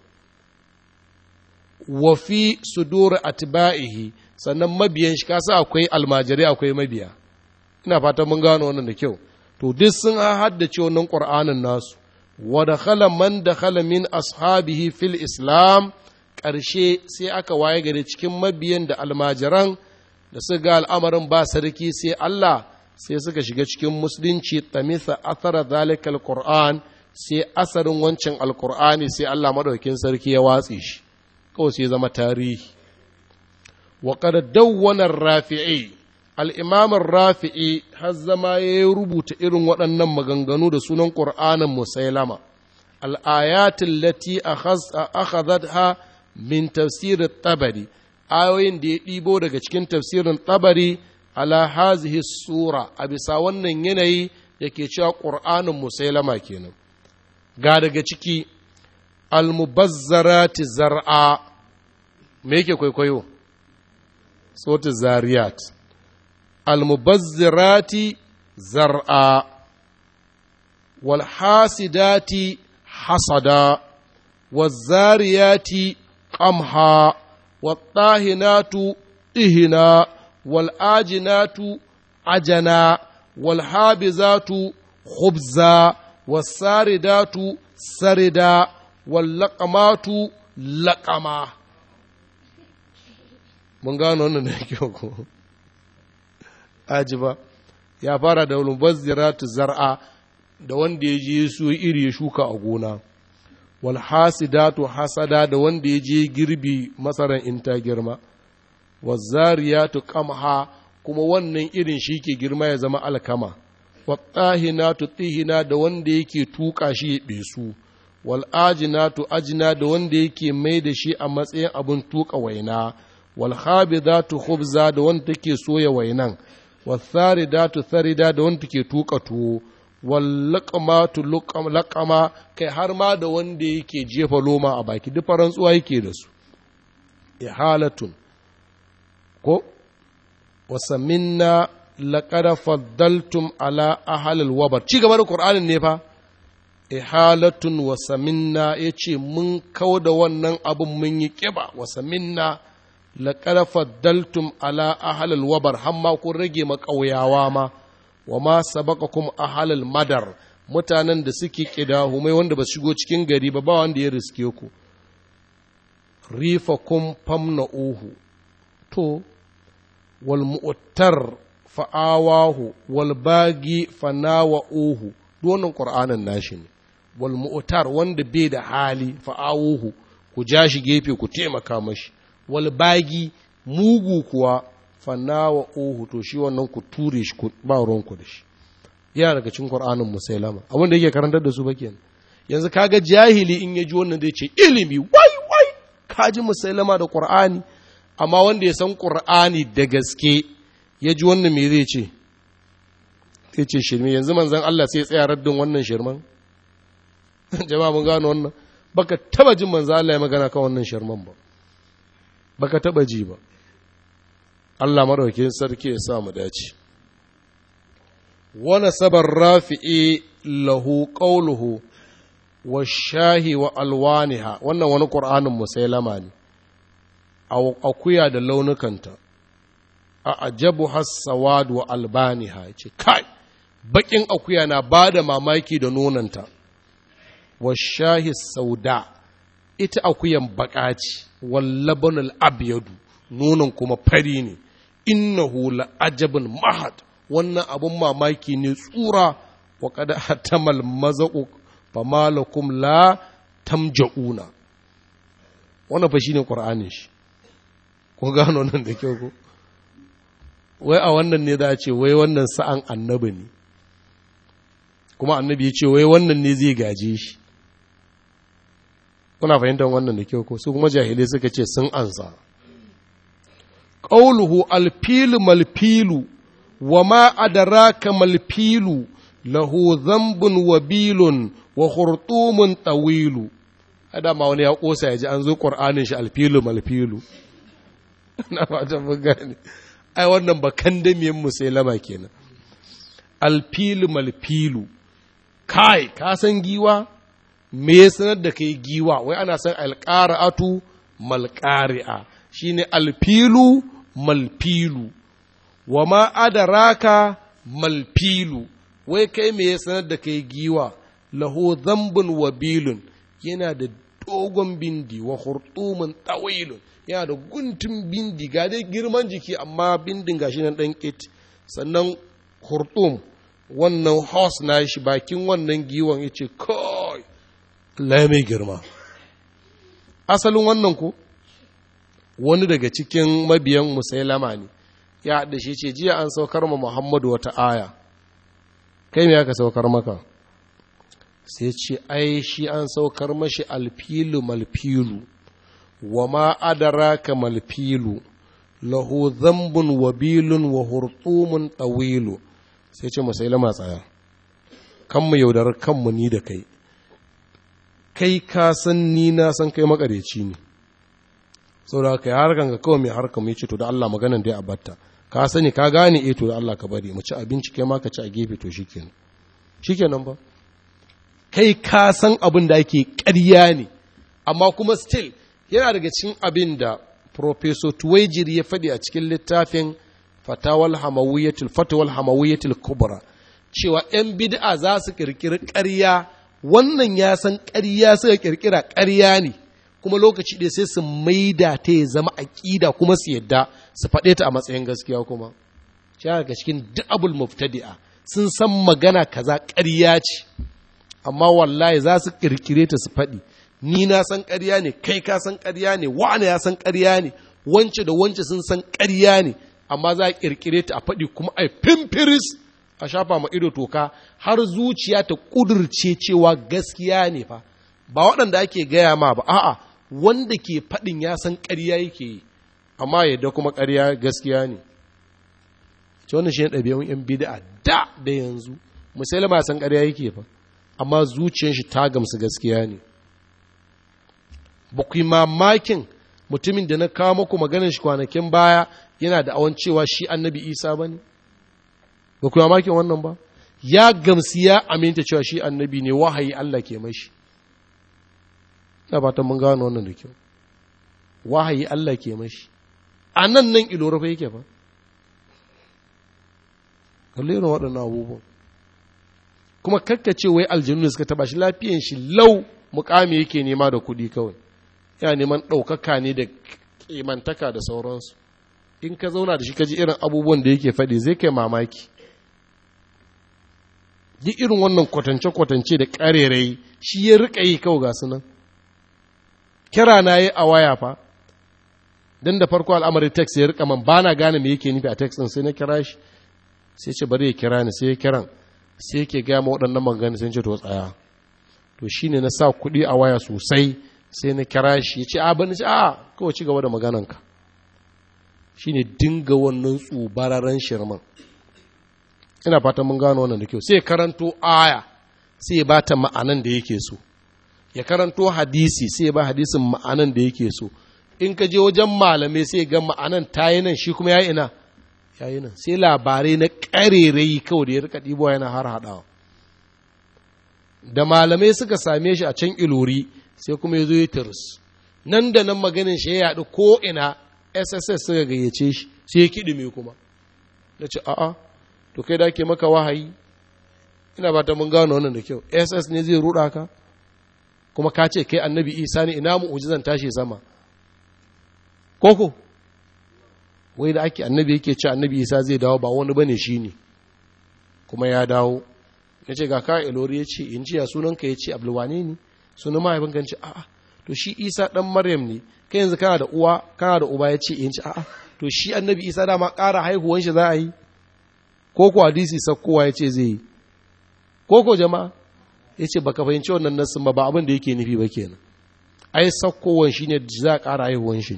wa fi sudur atba'ihi sannan mabiyan shi kasa akwai almajirai akwai mabiya ina fatan mun gano wannan da kyau to duk sun haddace wannan qur'anin nasu wa dakhala man dakhala min ashabihi fil islam ƙarshe sai aka waye gari cikin mabiyan da almajiran da su ga al'amarin ba sarki sai Allah sai suka shiga cikin musulunci tamisa athara zalikal qur'an sai asarin wancan alqur'ani sai Allah madaukin sarki ya watse shi kawai sai zama tarihi wa kada dawwana rafi'i al-imam rafi'i har zama ya rubuta irin waɗannan maganganu da sunan qur'anin musailama al-ayat allati akhadhatha min tafsirin at-tabari ayoyin da ya ɗibo daga cikin tafsirin tabari ala hazihi sura a bisa wannan yanayi yake ke cewa ƙur'anin musailama kenan ga daga ciki almubazzarati zar'a me yake kwaikwayo sotu zariyat almubazzirati zar'a walhasidati hasada والزاريات قمحا والطاهنات إهنا والآجنات عجنا والحابزات خبزا والساردات سردا wallakamatu laƙama. mun gano wannan da kyau ko ajiba ya fara da walmubazziratu zar'a da wanda ya je su iri ya shuka a gona wal hasidatu hasada da wanda ya je girbi masaran in ta girma wazzariyatu qamha kuma wannan irin shi ke girma ya zama alkama wattahinatu tihina da wanda yake tuka shi ya besu wal ajinatu ajina da wanda yake mai da shi a matsayin abun tuka waina wal tu khubza da wanda take soya wainan wal tharidatu sarida da wanda take tuka tuwo wal laqamatu laqama kai har ma da wanda yake jefa loma a baki duk rantsuwa yake da su ihalatun ko wasaminna laqad faddaltum ala ahlil wabar ci gaba da qur'anin ne fa ihalatun wasaminna ya ce mun kau da wannan abin mun yi ƙiba wasaminna laƙarfa daltum ala ahalal wabar hamma kun rage maƙauyawa ma wa ma sabaka kuma ahalal madar mutanen da suke humai wanda ba shigo cikin gari ba ba wanda ya riske ku rifa kun famna uhu to wal mu'tar fa'awahu wal bagi fanawa uhu duk wannan ƙur'anin nashi ne wal mu'tar wanda bai da hali fa fa'awuhu ku ja shi gefe ku taimaka mashi wal bagi mugu kuwa fa fannawa uhu to shi wannan ku ture shi ba ruwanku da shi yana daga cikin qur'anin musailama abin da yake karantar da su ba kenan yanzu kaga jahili in ya ji wannan zai ce ilimi wai wai ka ji musailama da qur'ani amma wanda ya san qur'ani da gaske ya ji wannan me zai ce zai ce shirme yanzu manzon Allah sai tsaya raddin wannan shirman jama'a mun gano wannan baka taba jin manzo Allah ya magana kan wannan sharman ba baka taba ji ba Allah madaukakin sarki ya sa mu dace wani sabar rafi'i lahu qawluhu wa shahi wa alwaniha wannan wani qur'anin musailama ne akuya da launukanta a ajabu hassawad wa albaniha yace kai bakin akuya na bada mamaki da nonanta wa shahi sauda ita akuyan baka ce wallabanul abyadu nonon kuma fari ne Inna hula, ajabun mahad wannan abun mamaki ne tsura wa kada hatamal ba famalakum la tamja'una wannan fa ne qur'anin shi ko gano nan da kyau ko wai a wannan ne za a ce wai wannan sa'an annabi ne kuma annabi ya ce wai wannan ne zai gaje shi kuna fahimtar wannan da kyau ko su kuma jahilai suka ce sun ansa ƙauluhu alfilu malfilu wa ma adraka malfilu lahu zambun wabilun wa ɗawilu tawilu A ma wani ya kosa ya ji an zo qur'anin shi alfilu malfilu na fata mun gane ai wannan ba kandamiyan mu sai lama kenan alfilu malfilu kai ka san giwa me ya sanar da kai giwa wai ana san alƙara'atu malƙari'a shine alfilu malfilu wa ma adaraka malfilu wai kai me ya sanar da kai giwa lahu zambun wabilun yana da dogon bindi wa hurtumin tawilun yana da guntun bindi ga dai girman jiki amma bindin shi nan dan ƙit sannan hurtum wannan hos na shi bakin wannan giwan ya ce kai Allah mai girma asalin wannan ku. wani daga cikin mabiyan musailama ne ya shi ce jiya an saukar ma muhammadu wata aya kai mai aka saukar maka sai ce ai shi an saukar mashi alfilu malfilu wa ma adara ka malfilu lahu zambun wabilun wa hurtumun ɗawilu sai ce musailama tsaya Kanmu yaudarar yaudar kanmu ni da kai kai ka san ni na san kai makareci ne saboda kai harkan ka kawai mai harkan mai ce to da Allah maganan da ya batta. ka sani ka gane eh to da Allah ka bari mu ci abinci kai ma ka ci a gefe to shikenan shikenan ba kai ka san abin da yake ƙarya ne amma kuma still yana daga cikin abin da professor Tuwaijiri ya faɗi a cikin littafin fatawal hamawiyatul fatawal hamawiyatul kubra cewa 'yan bid'a za su kirkiri ƙarya wannan ya san ƙarya suka ƙirƙira ƙarya ne kuma lokaci ɗaya sai su maida ta ya zama aƙida kuma su yadda su faɗe ta a matsayin gaskiya kuma shi ga cikin da'abul muftadi'a sun san magana kaza ƙarya ce amma wallahi za su ƙirƙire ta su faɗi ni na san ƙarya ne kai ka san ƙarya ne wa'ana ya san ƙarya ne wance da wance sun san ƙarya ne amma za a ƙirƙire ta a faɗi kuma a fimfiris a shafa ma ido toka har zuciya ta ƙudurce cewa gaskiya ne fa ba waɗanda ake gaya ma ba a'a wanda ke faɗin ya san ƙarya yake yi amma yadda kuma ƙarya gaskiya ne ce wannan shi ɗabi ɗabi'un yan bid'a da da yanzu misali ya san ƙarya yake fa amma zuciyar shi ta gamsu gaskiya ne ba mamakin mutumin da na kawo muku maganin shi kwanakin baya yana da awon cewa shi annabi isa ba ne ba ku mamakin wannan ba ya gamsu ya aminta cewa shi annabi ne wahayi Allah ke mashi ya fatan mun gano wannan da kyau wahayi Allah ke mashi a nan nan iloro yake ba kalli irin waɗannan abubuwan kuma karkace wai aljanu suka taba shi lafiyan shi lau mukami yake nema da kuɗi kawai yana neman ɗaukaka ne da kimantaka da sauransu in ka zauna da shi ka ji irin abubuwan da yake faɗi zai kai mamaki duk irin wannan kwatance-kwatance da ƙarerai shi ya riƙa yi kawo ga sunan kira na yi a waya fa don da farko al'amari text ya riƙa man ba na gane me yake nufi a text sai na kira shi sai ce bari ya kira ni sai ya kiran sai yake gaya ma waɗannan magana sai ce to tsaya to shine na sa kuɗi a waya sosai sai na kira shi ya ce a bani ce a kawai ci gaba da magananka shine dinga wannan tsubararan shirman ina fatan mun gano wannan da kyau sai karanto aya sai ba ta ma'anan da yake so ya karanto hadisi sai ba hadisin ma'anan da yake so in ka je wajen malamai sai ga ma'anan ta yi nan shi kuma ya yi ina nan sai labarai na ƙarerai kawai da ya rika ɗibo yana har haɗawa da malamai suka same shi a can ilori sai kuma ya zo ya tirus nan da nan maganin shi ya yaɗu ko ina sss suka gayyace shi sai ya kiɗi mai kuma na ce a'a to kai da ake maka wahayi ina ba ta mun gano wannan da kyau ss ne zai ruɗa ka kuma ka ce kai annabi isa ne ina mu'ujizan tashi sama koko wai da ake annabi yake ce annabi isa zai dawo ba wani bane shi ne kuma ya dawo ya ce ga ka ilori ya ce in jiya sunanka ya ce abulwane ne sunan mahaifin kan ce a'a to shi isa dan maryam ne kai yanzu kana da uwa kana da uba ya ce in ci a'a to shi annabi isa dama ƙara haihuwan shi za a yi ko ko hadisi sakkowa ya ce zai yi ko ko jama'a ya ce baka fahimci wannan nassin ba abin da yake nufi ba kenan ai sakkowan shi ne za a ƙara haihuwan shi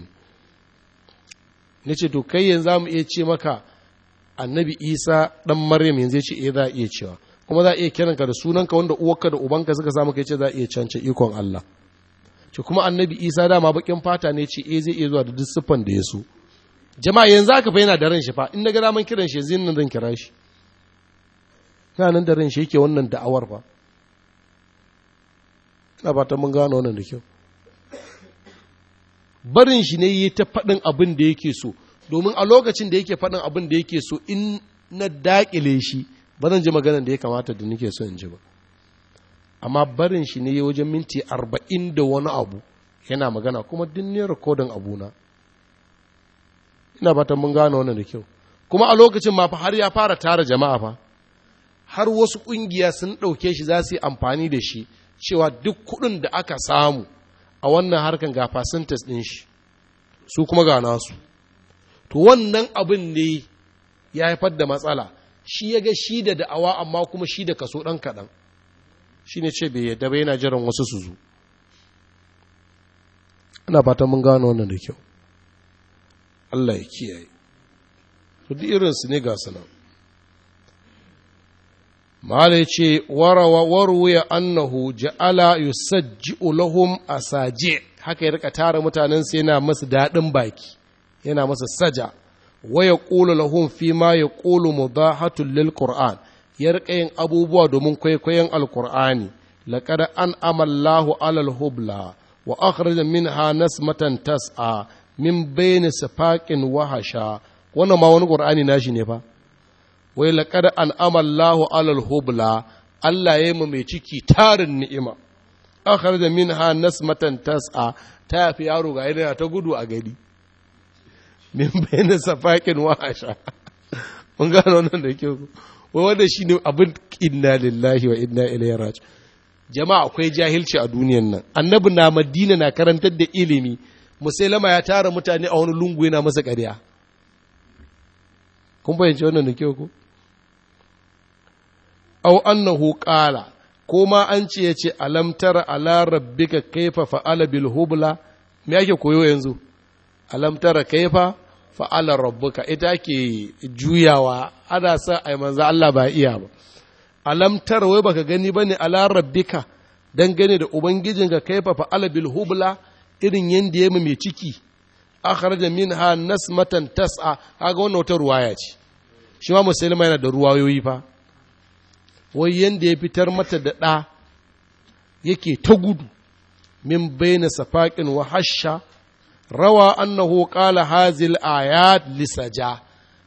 na ce to kai yanzu za mu iya ce maka annabi isa ɗan maryam yanzu ya ce eh za a iya cewa kuma za a iya kiranka da sunanka wanda uwarka da ubanka suka samu kai ce za a iya cance ikon allah ce kuma annabi isa dama bakin fata ne ce eh zai iya zuwa da duk siffan da ya so jama'a yanzu aka fa yana da ran shi fa in na ga daman kiran shi yanzu nan zan kira shi na nan da ran shi yake wannan da'awar fa ba ta mun gano wannan da kyau barin shi ne yi ta faɗin abin da yake so domin a lokacin da yake faɗin abin da yake so in na daƙile shi ba zan ji maganar da ya kamata da nake so in ji ba amma barin shi ne wajen minti arba'in da wani abu yana magana kuma duk ne rikodin abuna ina fatan mun gane wannan da kyau kuma a lokacin ma fa har ya fara tara jama'a fa har wasu ƙungiya sun ɗauke shi za su yi amfani da shi cewa duk kuɗin da aka samu a wannan harkan ga percentage ɗin shi su kuma ga nasu to wannan abin ne ya haifar da matsala shi ya ga shi da da'awa amma kuma shi da kaso ɗan kaɗan shi ne ce bai yadda ba yana jiran wasu su zo ina fatan mun gano wannan da kyau Allah ya kiyaye to duk irinsu ne ga sanan mala ya ce warawa waruwa annahu ja'ala yusajji'u lahum asaje haka ya rika tara mutanen sai yana masu daɗin baki yana masa saja wa ya yaqulu lahum fi ma yaqulu mudahatul lil qur'an ya rika yin abubuwa domin kwaikwayon alqur'ani laqad an amallahu alal hubla wa akhraja minha nasmatan tas'a min bayni safaqin wahasha wannan ma wani qur'ani nashi ne fa wai laqad an amallahu 'alal hubla Allah ya mu mai ciki tarin ni'ima akhraja minha nasmatan tas'a ta fi yaro ga yana ta gudu a gari min bayni safaqin wahasha mun gano wannan da kyau wai wanda shi abin inna lillahi wa inna ilaihi raji jama'a akwai jahilci a duniyan nan annabi na madina na karantar da ilimi musailama ya tara mutane a wani lungu yana masa ƙarya kun fahimci wannan da kyau au aw annahu qala ko ma an ce ya ce tara ala rabbika kaifa fa'ala bil hubla me yake koyo yanzu alam kaifa fa'ala rabbuka ita ke juyawa ana sa ai manzo Allah ba iya ba alamtar wai baka gani bane ala rabbika dan gane da ubangijinka kaifa fa'ala bil irin yadda ya mai ciki min ha nas matan tas'a kaga wannan wata ruwaya ce shi ma musulma yana da ruwayoyi fa wai yadda ya fitar mata da ɗa yake ta gudu min baina safaƙin wa hasha rawa annahu qala hazil ayat Saja.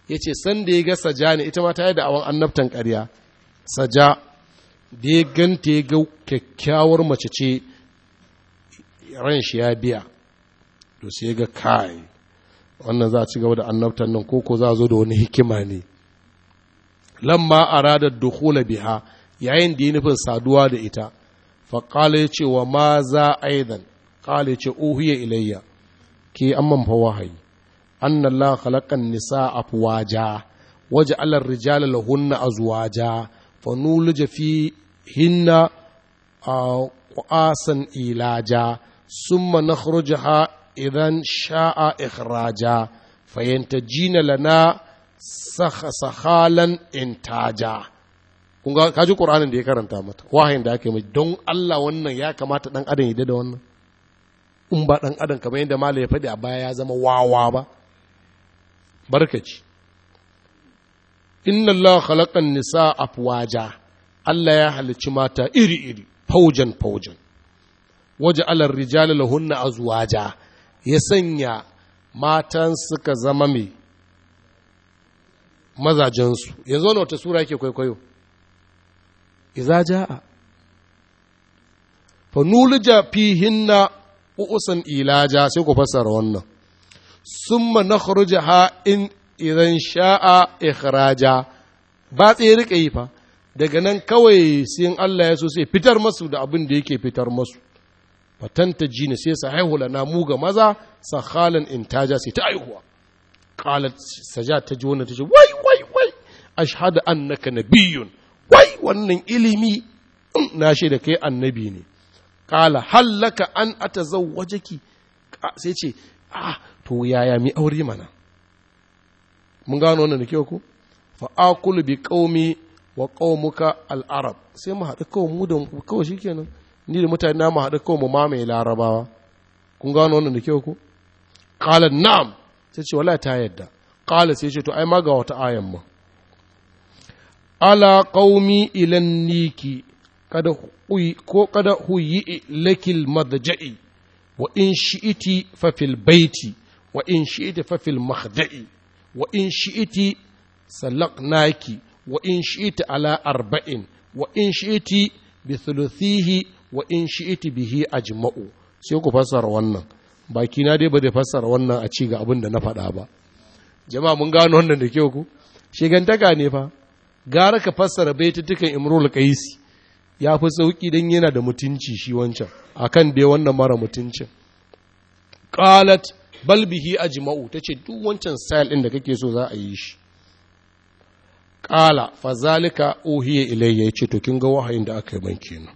yace san da ya ga saja ne ita ma ta yi da awan annabtan karya. saja da ya ganta ya ga kyakkyawar mace ce ran shi ya biya to sai ga kai wannan za a ci gaba da annabtan nan koko za a zo da wani hikima ne lamma arada dukhula biha yayin da ya nufin saduwa da ita fa qala ya ce wa ma za aidan qala ya uhiya ilayya ke amman fa wahayi anna allah khalaqan nisa afwaja waja'ala ar-rijala lahunna azwaja fa nulija fi hinna qasan ilaja summa nakhrujaha idan sha'a ikhraja لنا سخ سخالا intaja kun ga kaji qur'anin da ya karanta mata wahayin da ake mai don Allah wannan ya kamata dan adam ya da wannan in ba dan adam kamar yadda malai ya faɗi a baya ya zama wawa ba barkaci inna Allah khalaqan nisa afwaja Allah ya halicci mata iri iri faujan faujan waje alar rijali lahunna azwaja ya sanya matan suka zama mai mazajensu ya zo na wata sura yake kwaikwayo iza ja'a fa nulija fihinna u'usan ilaja sai ku fassara wannan summa nakhrujaha in idan sha'a ikhraja ba tsaye rike yi fa daga nan kawai sai Allah ya so sai fitar masu da abin da yake fitar masu fatanta jini sai sa haihu lana mu ga maza sahalan in taja sai ta haihuwa qalat saja ta ji wannan ta wai wai wai ashhadu annaka nabiyyun wai wannan ilimi na da kai annabi ne qala hallaka an atazawwajaki sai ce ah to yaya mi aure mana mun gano wannan da kyau ko fa bi qaumi wa qaumuka al arab sai mu haɗu kawai mu da kawai shikenan ni da mutane na mu haɗu kawai mu mamaye larabawa kun gano wannan da kyau ku qala na'am sai ce wallahi ta yadda kala sai ce to ai ma ga wata ayan ma ala ƙaumi ilan niki kada ko kada huyi lakil madja'i wa in shi'iti fa fil baiti wa in shi'iti fa fil makhda'i wa in shi'iti naki, wa in shi'iti ala arba'in wa in shi'iti bi wa in shi'ti bihi ajma'u sai ku fassara wannan baki na dai ba zai fassara wannan a ci ga abin da na faɗa ba jama'a mun gano wannan da kyau ku shigantaka ne fa gara ka fassara baitutukan imrul qaisi ya fi sauki dan yana da mutunci shi wancan akan dai wannan mara mutuncin qalat bal bihi ajma'u tace duk wancan style ɗin da kake so za a yi shi ƙala fazalika uhiye ilayya ya ce to kin ga wahayin da aka yi min kenan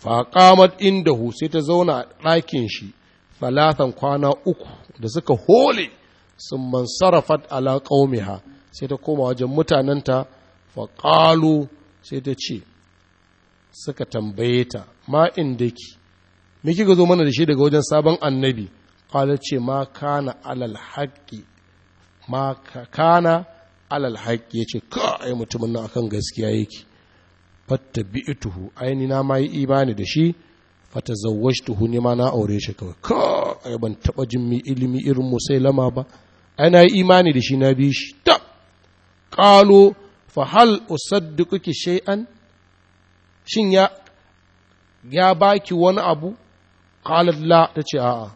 fa qamat indahu sai ta zauna a ɗakin shi falatan kwana uku da suka hole sun man sarafat ala qaumiha sai ta koma wajen mutanenta fa qalu sai ta ce suka tambaye ta ma indaki me kika zo mana da shi daga wajen sabon annabi qala ce ma kana alal haqqi ma kana alal haƙƙi ya ce ka mutumin nan akan gaskiya yake fatta tuhu, aini na ma yi imani da shi fata tuhu ne ma na aure shi kawai ka ban taɓa jin mi ilimi irin lama ba Ana yi imani da shi na bi shi ta qalu fa hal usaddiquki shay'an shin ya ya baki wani abu qalat la tace a'a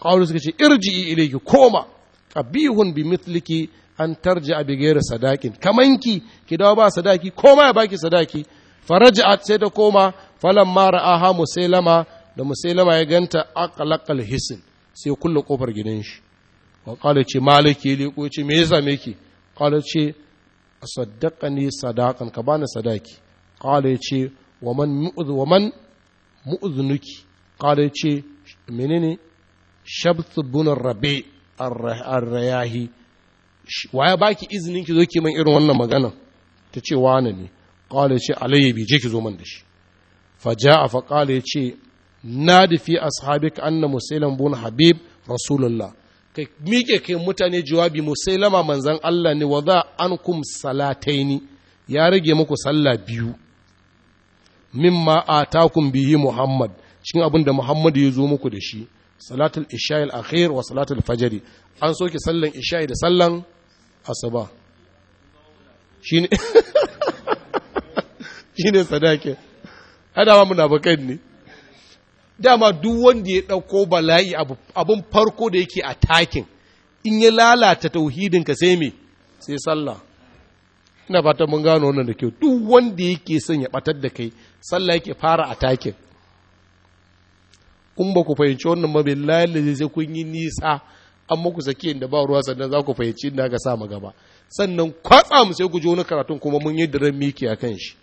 qalu suka ce irji ilayki koma qabihun bi mithliki an tarji a bigera sadakin kamanki ki dawo ba sadaki ma ya baki sadaki faraja'at sai ta koma falan mara aha musailama da musailama ya ganta aqlaqal hisin sai kulle kofar gidan shi wa qala ce maliki li ko ce me yasa ki qala ce asaddaqani sadaqan ka bani sadaki qala ce wa man mu'z wa man mu'znuki qala ce menene shabtu bun rabi ar-rayahi wa ya baki izinin ki zo ki man irin wannan maganan ta ce wani ne kawai ce alayya bi je ki zo man da shi faja a faƙala ya ce na da fi ka anna musailan bun habib rasulullah kai miƙe kai mutane jawabi musailama manzan Allah ne wa za kum salataini ya rage muku sallah biyu ma a takun bihi muhammad cikin abin da muhammad ya zo muku da shi salatul isha'i akhir wa salatul fajr an soke sallan isha'i da sallan asuba shi ne sadake adawa munafikai ne dama duk wanda ya ɗauko bala'i abun farko da yake a takin in ya lalata tauhidinka sai me sai sallah ina fata mun gano wannan da kyau duk wanda yake son ya batar da kai sallah yake fara a takin in ba ku fahimci wannan ba lalata sai kun yi nisa an muku sakiyin da ba ruwa sannan za ku fahimci inda ga samu gaba sannan kwatsa mu sai ku ji wani karatun kuma mun yi daren miki a kan shi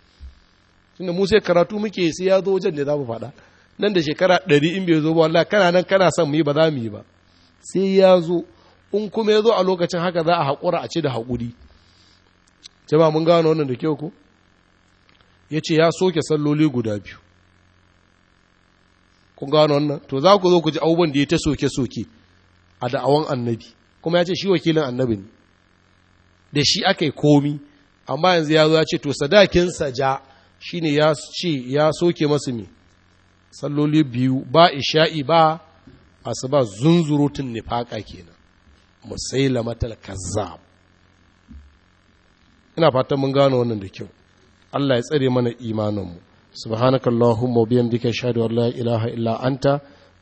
tunda mu sai karatu muke sai ya zo wajen da za mu faɗa nan da shekara ɗari in bai zo ba wallahi kana nan kana son mu yi ba za mu yi ba sai ya zo in kuma ya zo a lokacin haka za a haƙura a ce da haƙuri jama'a mun gano wannan da kyau ko ya ce ya soke salloli guda biyu kun gano wannan to za ku zo ku ji abubuwan da ya ta soke-soke a da'awan annabi kuma ya ce shi wakilin annabi ne da shi aka yi komi amma yanzu ya zo ya ce to sadakin Saja shi ne ya ce ya soke masu me salloli biyu ba isha'i ba asuba zunzurutun nifaka kenan musaila matal kazzab ina fatan mun gano wannan da kyau Allah ya tsare mana imaninmu subhanakallahumma wa bihamdika ashhadu an la ilaha illa anta